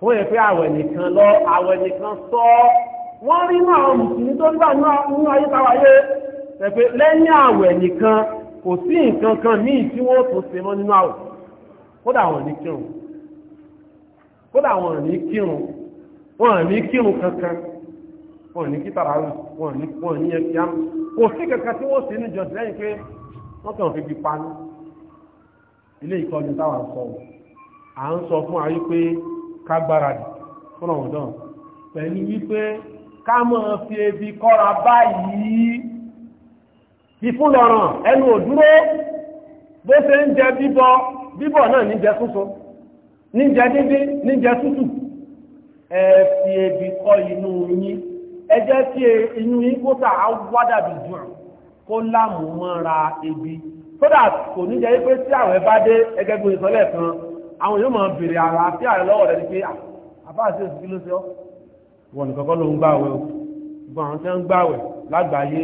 kó yẹ pé àwẹ̀ nìkan lọ àwẹ̀ nìkan sọ wọ́n rí mọ́ àwọn mùsùlùmí tó ń gbà nínú ayé táwáyé pẹ̀pẹ́ lẹ́yìn àwẹ̀ nìkan kò sí nǹkan kan míì tí wọ́n tó ṣe mọ́ nínú àwẹ̀ kódà wọn ní kírun kódà wọn ní kírun wọn ní kírun kankan wọn ní kíta rárú wọn ní wọn ní ẹkí ámú kò sí kankan tí wọ́n sì ní jọ̀sí lẹ́yìn pé wọ́n kàn fi fi paná ilé ìkọlù táwa ń sọ à ń sọ fún ayé pé ká gbáradì fún ọ̀dọ́n pẹ̀lú wípé ká mọ̀ fi ebi kọ́ra báyìí ìfúnlọ̀ràn ẹnu òdúró bó ṣe ń jẹ bíbọ bíbọ náà ní jẹ súnso dídí ní jẹ ẹ fi ebi kọ́ inú yín ẹ jẹ́ kí inú yín kó tà á wádà bí jù kó láàmú mọ́ra ebi kódà kò ní jẹ́ pé tí àwọn ẹbá dé ẹgẹ́ gbé ìsọ́lẹ̀ kan àwọn yóò máa bèrè ara tí àrẹ lọ́wọ́ rẹ̀ ni pé àbá sí òsì kí ló ṣe ọ́ wọn nìkan kọ́ ló ń gbàwẹ̀ o gbọ́n àwọn tí wọ́n ń gbàwẹ̀ lágbàáyé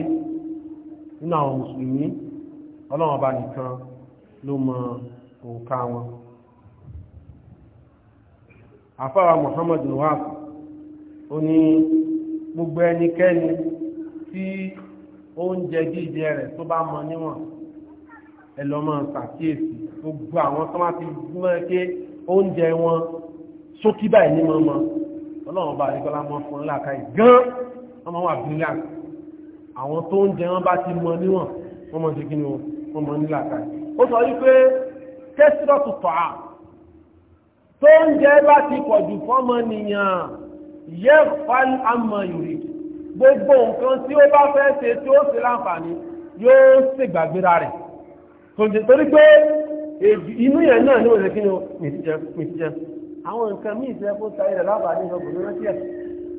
nínú àwọn mùsùlùmí ọlọ́run ọba nìkan ló mọ òǹkà wọn àfáwà Muhammadu wa ó ní gbogbo ẹnikẹ́ni tí oúnjẹ jíjẹ rẹ̀ tó bá mọ níwọ̀n ẹ lọ máa ṣàkíyèsí gbogbo àwọn tó máa ti mọ́ ké oúnjẹ wọn sókí báyìí ní mọ́mọ́ ọlọ́run bá àríkọ́lá mọ́ fún láàkáyì gan wọ́n máa wà bílíà àwọn tó oúnjẹ wọn bá ti mọ níwọ̀n wọ́n mọ̀ sí kí ni wọ́n mọ̀ ní láàkáyì ó sọ wípé kẹ́sìrọ̀tù tọ́à tó oúnjẹ bá ti pọ̀jù fọ́mọ nìyàn yẹ́fàn àmọ́ yòrì gbogbo nǹkan tí ó bá fẹ́ ṣe tí ó ṣe láǹfààní yóò ṣègbàgbéra rẹ̀ torí pé inú yẹn náà ní òṣè kí ni mìtíjẹ àwọn nǹkan míì ṣe kó sáré rẹ̀ lábàá ní ọgbọ̀n lọ́nà tí ẹ̀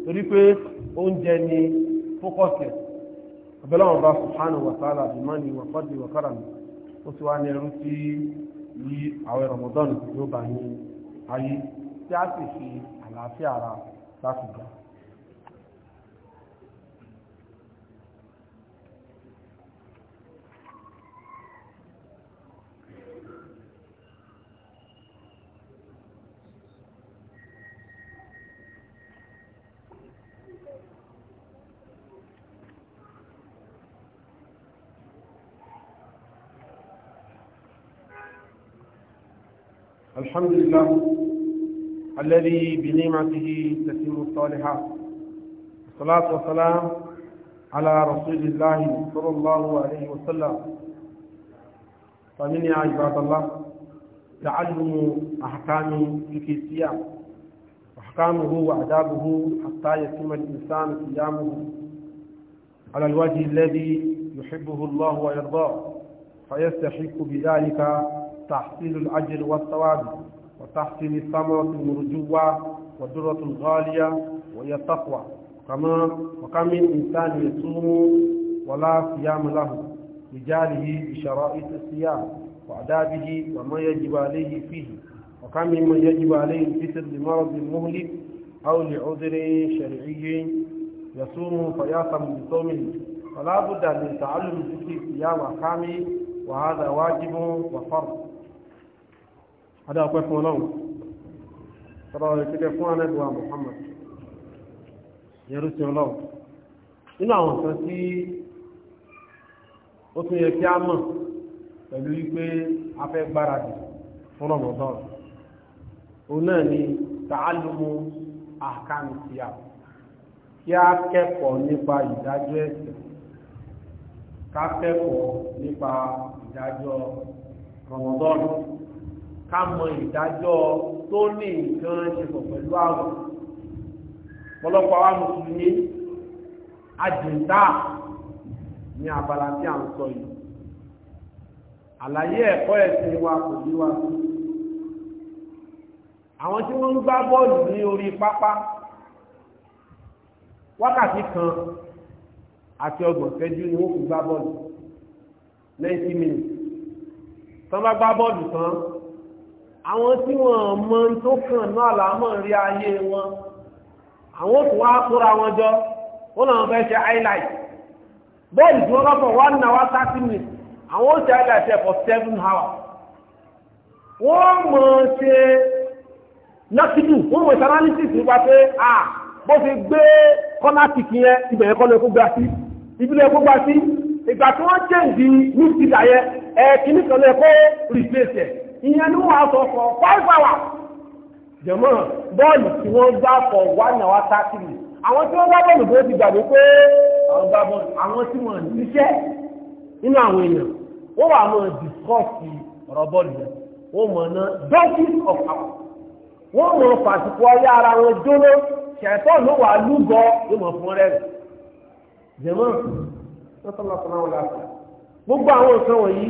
torí pé oúnjẹ ni fókọ̀sì ọ̀bẹ̀lọ́wọ̀n bá subhanahu wa ta'ala bimani wa fadli wa karami ó ti wá ní ẹrú tí yí àwọn Ramadan tí ó bá ní ayé tí a sì fi àlàáfíà ara الحمد لله الذي بنعمته تتم الصالحات والصلاة والسلام على رسول الله صلى الله عليه وسلم فمن يا عباد الله تعلم أحكام في الصيام أحكامه وآدابه حتى يتم الإنسان صيامه على الوجه الذي يحبه الله ويرضاه فيستحق بذلك تحصيل الأجر والثواب وتحسين الثمرة المرجوة والدرة الغالية وهي التقوى كما وكم من إنسان يصوم ولا صيام له لجاله بشرائط الصيام وآدابه وما يجب عليه فيه وكم ممن يجب عليه الفطر لمرض مهلك أو لعذر شرعي يصوم فيأثم بصومه فلا بد من تعلم فكر صيام أحكامه وهذا واجب وفرض adá ọpẹ́ fún ọlọ́run tọrọ ìpínlẹ̀ fún anẹ́gbà Muhammad yẹrùsìn ọlọ́run nínú àwọn nǹkan tí ó tún yẹ kí a mọ̀ pẹ̀lú wípé a fẹ́ gbáradì fún òun náà ni kẹ́kọ̀ọ́ nípa ìdájọ́ ká mọ ìdájọ́ tó ní nǹkan ṣe pọ̀ pẹ̀lú àwọ̀ pọ̀lọpọ̀ àwọn mùsùlùmí àjìǹdá ní abala tí à ń sọ yìí àlàyé ẹ̀kọ́ ẹ̀sìn wa kò ní wa sí àwọn tí wọ́n ń gbá bọ́ọ̀lù ní orí pápá wákàtí kan àti ọgbọ̀n ṣẹ́jú ni wọ́n fi gbá bọ́ọ̀lù 90 minutes tán bá gbá bọ́ọ̀lù tán àwọn tí wọ́n mọ̀ tó kàn náà làmọ́ rí ayé wọn àwọn tó wá kóra wọn jọ wọ́n làwọn fẹ́ ṣe highlight bẹ́ẹ̀lì tí wọ́n lọ́pọ̀ one hour thirty minutes àwọn ó ṣe highlight ẹ̀ for seven hours wọ́n mọ̀ ṣe nọ́tìdù wọ́n mọ̀ ṣe analysis nípa pé à bó ṣe gbé kọ́nàtì kí yẹn ibẹ̀ yẹn kọ́ ló kó gbà sí ìbílẹ̀ kó gbà sí ìgbà tí wọ́n change ní ìdílà yẹn ẹ̀ẹ́kì nìkan lẹ́kọ́ replace ẹ̀ ìyẹn ni wọ́n sọ fọ five hours jẹ̀mọ́ bọ́ọ̀lù tí wọ́n gbá fọ one hour thirty minutes àwọn tí wọ́n gbá bọ́ọ̀lù bó ti gbàgbé pé àwọn gbá àwọn tí wọ́n níṣẹ́ nínú àwọn èèyàn wọ́n wà mọ́ discourse yẹn ayé ara wọn jóná ló wà lúgọ fún gbogbo àwọn nǹkan wọ̀nyí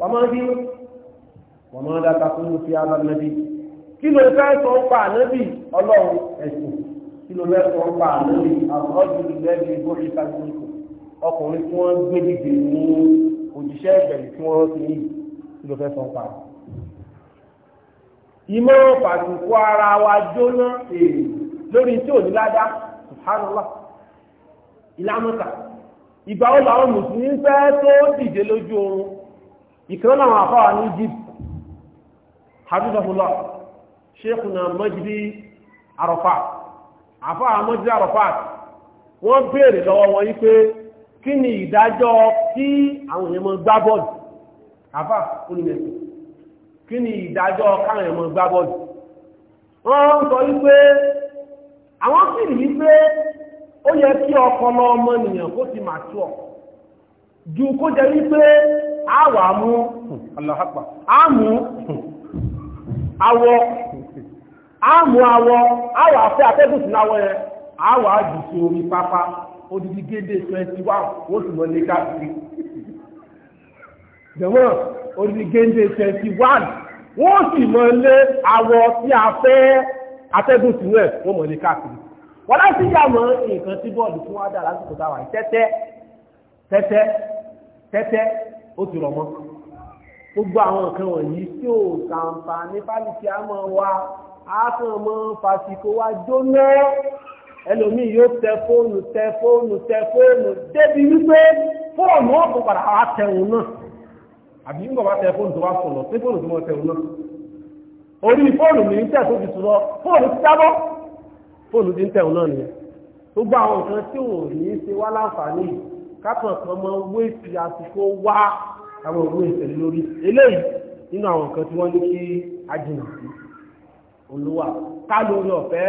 wọ́n máa bínú wọ́n máa dáta fún fi ara nàbí kí ló fẹ́ sọ ń pa ànábì ọlọ́run ẹ̀sìn kí ló fẹ́ sọ ń pa ànábì àbúrọ́jù lẹ́bi bóyá ìtàkùnkù ọkùnrin tí wọ́n gbé dìde ní òjíṣẹ́ ìbẹ̀rẹ̀ tí wọ́n ti yìí kí ló fẹ́ sọ ń pa ànábì ìmọ̀ pàtùkù ara wa jóná èèrè lórí tí ò ní ládá subhanallah ìlànà ìgbà wo làwọn mùsùlùmí fẹ́ tó dìde lójú oorun ìkan náà àfà ní Egypt hafizahullah sheikhuna Majdi Arafat àfà Majdi Arafat wọ́n béèrè lọ́wọ́ wọn yí pé kí ni ìdájọ́ tí àwọn èèyàn mọ́ gbá bọ́ọ̀lù àfà olùmẹ̀sìn kí ni ìdájọ́ káwọn èèyàn mọ́ gbá bọ́ọ̀lù wọ́n ń sọ yí pé àwọn sì rí pé ó yẹ kí ọpọlọ ọmọnìyàn kó ti màtúọ̀ ju kó jẹ́ wípé àwọ̀ mụ aláhàpà àmú awọ àmú awọ àwọ̀ àfẹ́ atẹ́gùn sí láwọ́ yẹn àwọ̀ àjùsí orí pápá odidi gédé twenty ó sì mọ ní káàkiri jẹ̀mọ́ odidi gédé 21, one sì mọ lé awọ tí a fẹ́ sí rẹ̀ ní káàkiri wọ́n láti yà mọ́ nǹkan tí bọ́ọ̀lù ó ti rọ̀ mọ́ gbogbo àwọn nǹkan wọ̀nyí tí ò sàǹfà ní fáìlìkì àmọ́ wa àátàn mọ́ fàṣìkò wa jóná ẹlòmíì yóò tẹ fóònù tẹ fóònù tẹ fóònù débi wípé fóònù ọ̀pọ̀ padà wá tẹ̀wọ̀n náà àbí ń bọ̀ bá tẹ fóònù tó wá sùn lọ sí fóònù tó wọ́n tẹ̀wọ̀n náà orí fóònù mi ń tẹ̀ tó fi sùn lọ fóònù ti jábọ́ fóònù ti ń tẹ̀wọ̀n náà nìyẹn gbogbo àwọn nǹkan tí ò ní ṣe wá láǹfààní yìí kápẹ̀ kan mọ́ owó ìsì àsìkò wá àwọn owó ìsẹ̀lẹ̀ lórí eléyìí nínú àwọn nǹkan tí wọ́n ní kí ajìnà sí olúwa ká lórí ọ̀fẹ́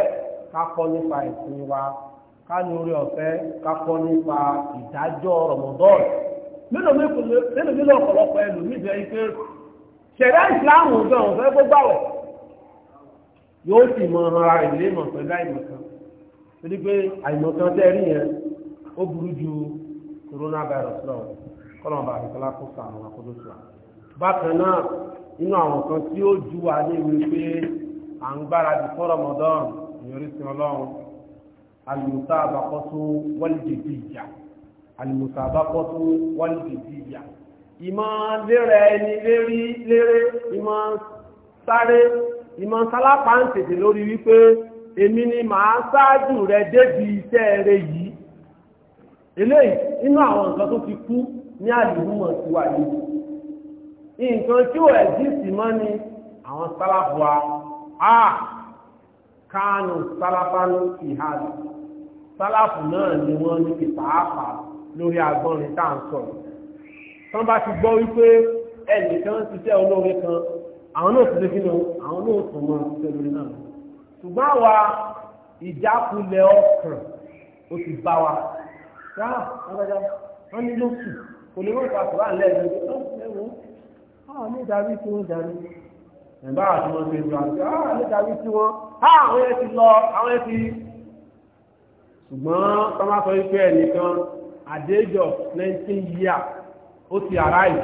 ká nípa ìsìn wa ká lórí ọ̀fẹ́ ká kọ́ nípa ìdájọ́ rọ̀mọ̀dọ́ọ̀lù mélòó mélòó ọ̀pọ̀lọpọ̀ ẹlòmíì jẹ́ ike ṣẹ̀dá ìsìláàmù gan ọ̀fẹ́ gbogbo àwẹ̀ yóò sì mọ ara rẹ̀ lé mọ̀ pẹ̀lú àìmọ̀kan torí pé àìmọ̀kan tẹ́ rí yẹn ó burú ju coronavirus náà kọ́lọ́n bá àbíkọ́lá kó sàánú àkójọ tó wa. bákan náà inú àwọn kan tí ó ju wa ní ìwé pé à ń gbáradì fún Ramadan ìyọrísí ọlọ́run alimusa abakọ́tú wọ́lìdìdì ìjà alimusa abakọ́tú wọ́lìdìdì ìjà ìmọ̀ lérè ẹni lérí lérè ìmọ̀ sáré ìmọ̀ sálápá ń tètè lórí wípé èmi ni màá ṣáájú rẹ débi iṣẹ́ rẹ yìí eléyìí nínú àwọn nǹkan tó ti kú ní àlùmọ̀ ti wà yìí nǹkan tí ò ẹ̀jísì mọ́ ni àwọn sálàfù a kánù sálàfánú ìhàlù sálàfù náà ni wọ́n ní ìpàápàá lórí agbọ́nrin tá à ń sọ̀rọ̀ tán bá ti gbọ́ wípé ẹnìkan ṣiṣẹ́ olóore kan àwọn náà tún lè kíni àwọn náà tún mọ́ ṣiṣẹ́ lórí náà ṣùgbọ́n àwa ìjákulẹ̀ ọkàn ó ti bá wa ráà lágbájá wọ́n ní lóṣù kò lè wọ́n pa kùrá lẹ́ẹ̀mejì ẹ̀wọ̀n àwọn nídàrí tí wọ́n darí ẹ̀bá àti wọ́n ṣe ìlú àti àwọn ah, nídàrí tí wọ́n ah, àwọn ẹ̀ ti lọ àwọn ẹ̀ ti ṣùgbọ́n tọ́má sọ wípé ẹnìkan àdéjọ 19 year ó ti aráyè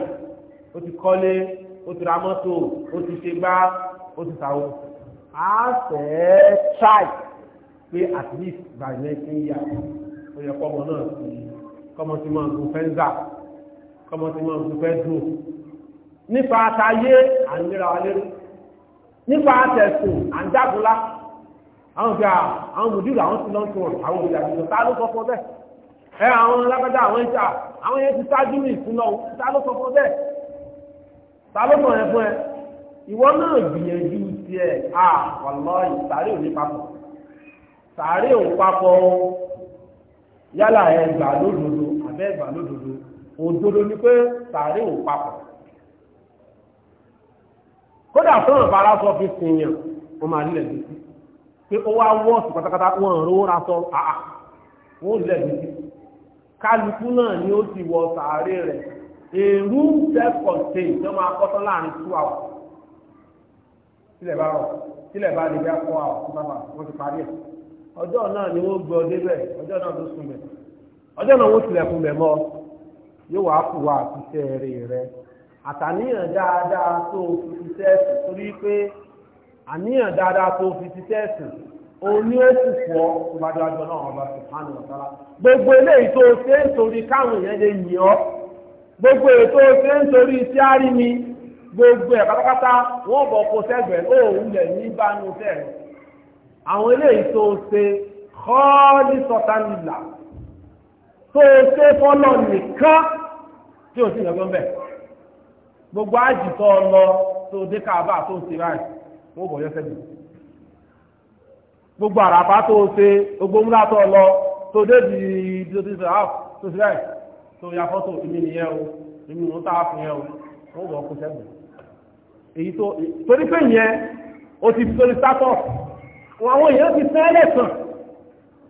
ó ti kọ́lé ó ti ra mọ́tò ó ti ṣe gbá ó ti sàwọ́ á fẹ́ẹ́ try pé at least by 19 years ó yẹ kọ́mọ náà sí kọ́mọ tí máa gun fẹ́ńzà kọ́mọ tí máa gun fẹ́ńdù nípa àtàyé àìlera wa lérò nípa àtẹ̀sùn àǹdàgúnlá àwọn ìgbà àwọn mùdílù àwọn ti lọ́n tó wọn àwọn ìgbà tó tá ló sọ fún bẹ́ẹ̀ ẹ àwọn alágbádá àwọn ìjà àwọn yẹn ti ṣáájú ní ìsúná tá ló sọ fún bẹ́ẹ̀ tá ló sọ yẹn fún ẹ ìwọ náà gbìyànjú tiẹ̀ à wàlọ́ ìsàárè òní papọ̀ sàárè òun papọ̀ yálà ẹgbà lódodo àbẹ́ ẹgbà lódodo òdodo ni pé tààrí ò papọ̀ kódà sọ̀rọ̀ bára sọ fi sìnyàn wọn máa nílẹ̀ lójú pé ó wá wọ́ọ̀sì pátápátá wọn ò rówó ra sọ àà wọn ò nílẹ̀ lójú kálukú náà ni ó ti wọ sàárè rẹ̀ èrú self-contained tó máa kọ́tọ́ láàrin two hours sílẹ̀ bá rọ̀ sílẹ̀ bá lè bá four hours tó bá wà wọ́n ti parí ẹ̀. ọjọ́ náà ni wọ́n gbé ọ débẹ̀ ọjọ́ náà ló sùn ọjọ́ náà wọ́n tilẹ̀kùn mẹ́ mọ́ yóò wá kú wa àtúnṣe eré rẹ àtàníyàn dáadáa tó fi ṣiṣẹ́ torí pé àníyàn dáadáa tó gbogbo eléyìí tó ṣe ń torí káwọn gbogbo èyí tó ṣe ń torí gbogbo ẹ̀ pátápátá bọ̀ lẹ̀ ní àwọn eléyìí tó ṣe kọ́ọ́lì sọ̀tánìlà tó ṣe fọ́nà nìkan tí o sì yẹ gbọ́n bẹ̀. gbogbo àjùtọ̀ lọ tó dé káàbà tó ṣe báyìí wọ́n bọ̀ yọ sẹ́yìn. gbogbo àràbá tó ṣe gbogbo múlá tó lọ tó dé di tó ti sọ áàpù tó ṣe báyìí tó ya fọ́tò ìmì nìyẹn o ìmì ìwọ̀n tá a fún yẹn o wọ́n bọ̀ kó sẹ́yìn. èyí tó torí pé ìyẹn o ti torí sátọ̀sì àwọn èèyàn ti sẹ́lẹ̀ tàn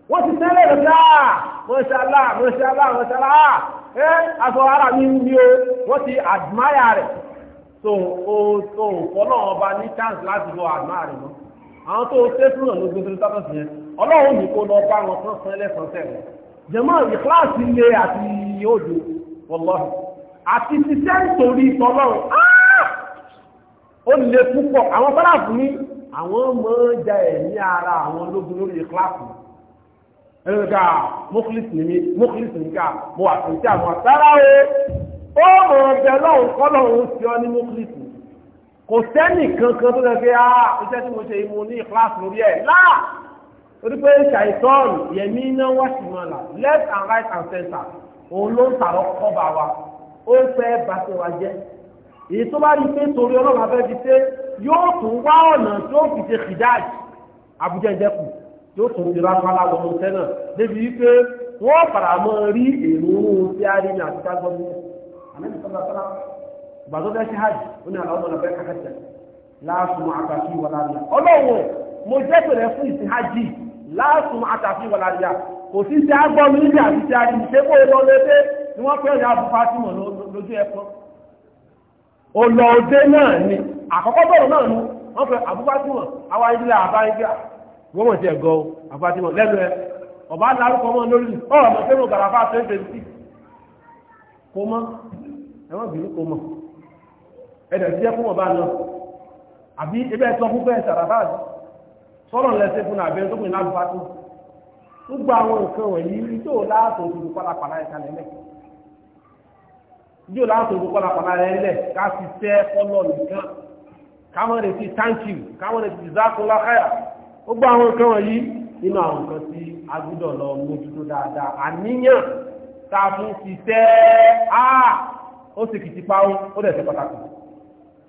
wọ́n ti sẹ́lẹ̀ rẹ̀ dáa mọ́ṣálá mọ́ṣálá mọ́ṣálá ẹ́ aṣọ ara mi ń o wọ́n ti admire rẹ̀ tó o ní chance láti lọ rẹ̀ àwọn tó àwọn ọmọ ọjà ẹ̀mí ara àwọn ológun lórí kíláàsì ẹ̀rọ ká mọ́kìlìsì ní mọ́kìlìsì ní ká mo wà sí àwọn sára o ó mọ̀ ọ̀bẹ lọ́hùn kọ́lọ́hùn sí ọ ní mọ́kìlìsì kò sẹ́nì kankan tó lọ́ọ́ fi á iṣẹ́ tí mo ṣe mo ní kíláàsì lórí ẹ̀ láà torí pé ṣàìtọ́ọ̀nù yẹ̀mí iná wá sí mọ́ là left and right and center òun ló ń tàrọ́ kọ́ba wa ó fẹ́ bàtẹ́ wa jẹ́ èyí tó bá rí pé torí ọlọ́run afẹ́ fi ṣe yóò tún wá ọ̀nà tó fi ṣe kìdáàjì abújẹ́jẹ́kù yóò tún ti rápá láwọn ọmọ tẹ́nà débi wípé wọ́n fara mọ́ rí èrò ohun tí a rí ní àtúntà gbọ́dọ̀ àmẹ́sì sọ́dọ̀ sọ́dọ̀ gbàdọ́ bẹ́ẹ̀ ṣe hajj ó ní àwọn ọmọ bẹ́ẹ̀ kàkẹ́tẹ̀ láàsùn àtàfi wàlàríà ọlọ́wọ́ mo jẹ́ pẹ̀lẹ́ fún ìsìn hajj láàsùn àtàfi àkọ́kọ́ bẹ̀rẹ̀ náà nu wọ́n fẹ́ àbúfátímọ̀ àwọn ilé àbáyíjá wọ́n mọ̀ sí ẹ̀gọ́ àbúfátímọ̀ lẹ́nu ẹ ọba lárúkọ mọ́ lórí ọ̀rọ̀ mọ̀ sẹ́nu gàràfà twenty six kó mọ́ ẹ̀wọ́n bìrì kó mọ́ ẹ̀dẹ̀ ti jẹ́ fún ọba náà àbí ebẹ́ sọ fún fẹ́ẹ̀ sàràfà sọ́nà lẹ́sẹ̀ fún àbẹ́ tó pè ní àbúfátímọ̀ gbogbo àwọn nǹkan wọ̀nyí yóò láàtò òkùnkùn pálapàla ẹ̀ka lẹ́lẹ̀ yóò láàtò òkùnkùn pálapàla ẹ̀lẹ̀ ká ti tẹ́ ọlọ́ nìkan káwọn retí thank you káwọn retí jazakallah khair ó gbọ́ àwọn nǹkan wọ̀nyí nínú àwọn nǹkan tí a gbọ́dọ̀ lọ mójútó dáadáa àníyàn tá a fún ṣiṣẹ́ á ó sì kìtì pawó ó dẹ̀ ṣe pàtàkì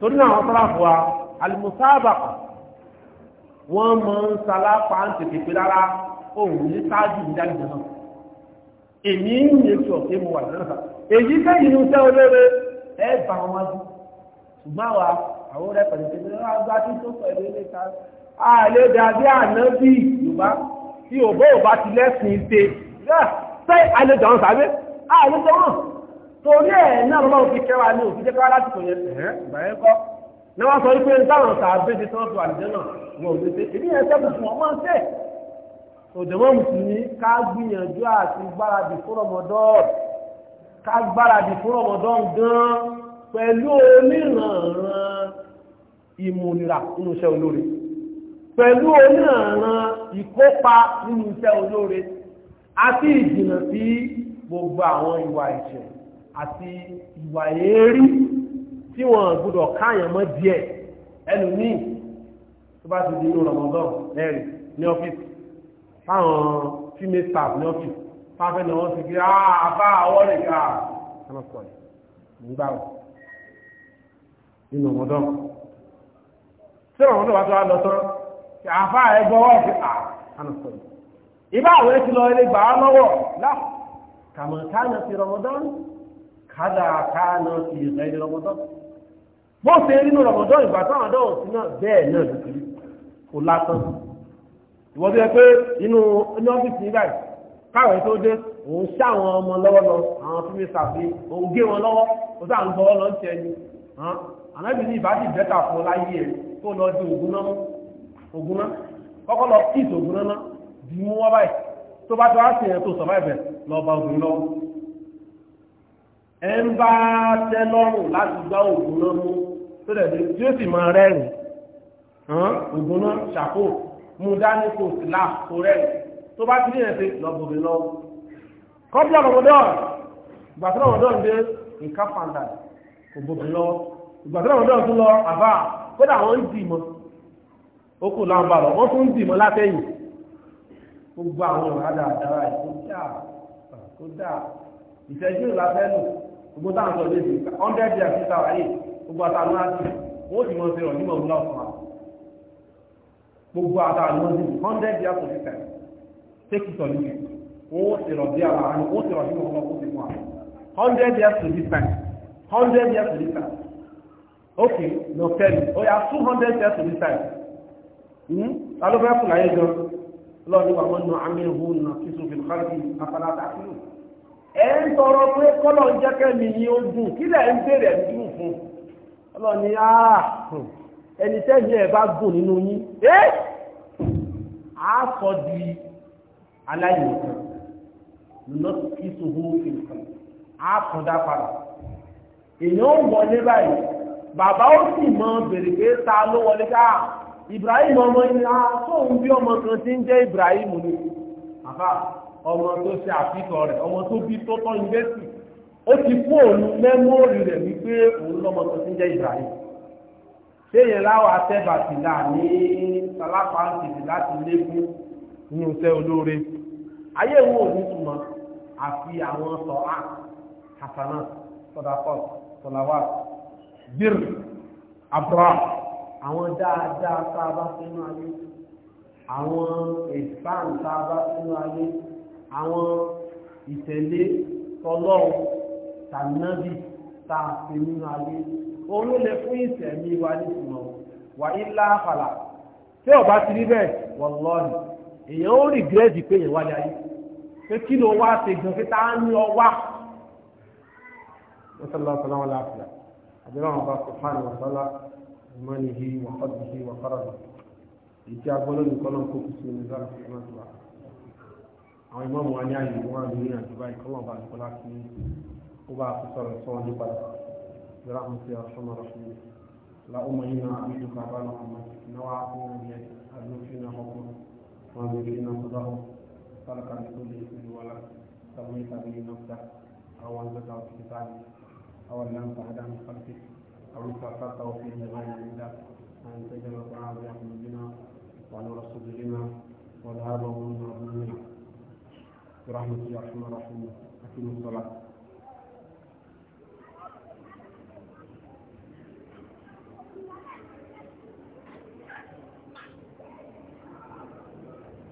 torí náà àwọn sọ́láfù wa alimusaabaka wọ́n máa ń salápa ń tètè pé rárá òun ní sáájú ìdájọ́ náà èmi ń yẹ kí ọ̀sẹ̀ mo wà lọ́nà èyí fẹ́ yìí sẹ́ olóore ẹ bá wọn wájú ṣùgbọ́n wa àwọn rẹ̀ pẹ̀lú pé wọ́n tí tó pẹ̀lú ilé ta a lè dà bí àná bí yorùbá tí òbó òbá ti lẹ́sìn ṣe ṣe a lè dàn sábẹ́ a lè dàn wọ́n torí ẹ̀ náà lọ́wọ́ fi kẹwàá ní òfin jẹ́kọ́ láti kò yẹn ẹ̀hẹ́ ìgbà yẹn kọ́ ní wọ́n sọ wípé táwọn sàbẹ́ ti tán tó àlùjẹ́ náà wọn ò lè ṣe èmi yẹn sẹ́kù fún ọmọ ṣe òdèmọ́ gan pẹ̀lú oníranran ìmúnira nínú iṣẹ́ olóore pẹ̀lú oníranran ìkópa nínú iṣẹ́ olóore àti ìjìnà sí gbogbo àwọn ìwà ìṣẹ̀ àti ìwà èérí tí wọ́n gbọ́dọ̀ káyàn mọ́ díẹ̀ ẹlòmíì tó bá ti di inú Ramadan ẹ̀rì ní ọ́fíìsì fáwọn female staff ní ọ́fíìsì nínú ọmọdọ́ tí ọmọdọ́ bá tó wá lọ tán kí àfá ẹ gbọ́wọ́ fi àánú sọ yìí ìbá àwọn ẹ ti lọ ilé gbà á lọ́wọ́ láà kàmọ̀ kánà sí ọmọdọ́ kádà kánà sí ìrẹ́lẹ̀ ọmọdọ́ bó ṣe nínú ọmọdọ́ ìgbà táwọn ọdọ́ òsì náà bẹ́ẹ̀ náà ló kiri kò lásán ìwọ́n bí wọ́n pé inú ní ọ́fíìsì nígbà yìí káwẹ̀ tó dé òun ṣá àwọn ọmọ lọ́wọ́ lọ àwọn fífi ṣàfi òun gé wọn lọ́wọ́ ó sáà ń gbọ́ lọ́ ànábì ní ìbá ti bẹ́tà fún láyé ẹ̀ tó lọ di ògùn náà ògùn náà kọ́kọ́ lọ kíìsì ògùn náà di mú wọ́n báyìí tó bá tó á sì ẹ̀ tó sọ báyìí bẹ̀ lọ bá ògùn lọ ẹ̀ ń bá tẹ́ lọ́rùn láti gbá ògùn náà mú tó dẹ̀ dé tí ó sì máa rẹ́rìn ògùn náà ṣàkó mú dání kò sí láà kó rẹ́rìn tó bá ìgbàtí àwọn náà tún lọ àbá kódà wọ́n ń dì mọ́ ó gbogbo àwọn ọ̀rọ̀ àdáadáa ìkódà kódà ìṣẹ́jú ìlàfẹ́ lò gbogbo táwọn sọ lébi hundred years ní sáwà yìí gbogbo àtàwọn láti wọ́n sì mọ̀ sí ọ̀ nímọ̀ ńlá ọ̀fà gbogbo àtàwọn láti hundred years of time take it or leave it àwọn àwọn okay lọ fẹ́ mi ó yà two hundred years this time Hmm? alóbẹ́ fún ayé gan lọ́ọ̀ni wà wọ́n nù àmì ìhùn nà kìsùn fi kárìkì afárá tàkìlù ẹ̀ ń tọrọ pé kọ́lọ̀ ń jẹ́ kẹ́mi ni ó dùn kílẹ̀ ń bèrè ń dùn fún ọlọ́ni áà ah, hmm, ẹni tẹ́yìn ẹ̀ bá gùn nínú yín ẹ́ á sọ di aláìmọ̀kan lọ́nà kìsùn hó fi kàn á kàn dá padà èèyàn wọlé báyìí bàbá ó sì mọ bèrè pé ta ló wọlé ká Ibrahim ọmọ yìí á ah, tóun bí ọmọ kan ti ń jẹ́ Ibrahim ni bàbá ọmọ tó ṣe àfikọ rẹ̀ ọmọ tó bí tó tọ́ yunifásitì ó ti kú òun mẹ́mórì rẹ̀ wípé òun lọ́mọ kan ti ń jẹ́ Ibrahim séyìn láwọn atẹ́bàtìlá ní sàlápàǹtìtì láti lékún ní oṣẹ́ olóore ayé wo ní túmọ̀ àfi àwọn sọ̀hán hasanat sọ̀dàkọ́t sọ̀làwàt bir abra àwọn dáadáa tá a bá sínú ayé àwọn ìfàn tá a bá sínú ayé àwọn ìtẹ̀lé tọlọ́run tànàbì tá a fi nínú ayé òun ló lè fún ìsẹ̀mí wa nísìnyàn wà ilá àfàlà tí ọba ti rí bẹ́ẹ̀ wọlọ́ọ̀nì èèyàn ó rí gírẹ́ẹ̀dì pé èèyàn wáyé ayé pé kí ló wá ṣe gan pé tá a ń lọ wá. wọ́n sọ lọ́wọ́ sọ lọ́wọ́ láàfin àbẹ̀rẹ̀ àwọn ọba sùpánì wàtálà ìmọ̀nìyí wàkọ́dìyí wàkọ́rọ̀dì èyí tí a gbọ́ lónìí kọ́nà kó kù sí omi lára fún ọmọ ìgbà àwọn ìmọ̀mù wa ní àyè wọn àbí ní àjùbá ìkọ́nà ọba àdìkọ́lá kí فينا حكمك وانظر فينا قضاءك خلق عن كل اسم ولد سميت به أو لم فهدى عن خلقك أو استقرته فيه غير عندك أن تجمع طعام بنا وأن هذا هو من أظلمنا برحمتك يا أرحم الراحمين أقيموا الصلاة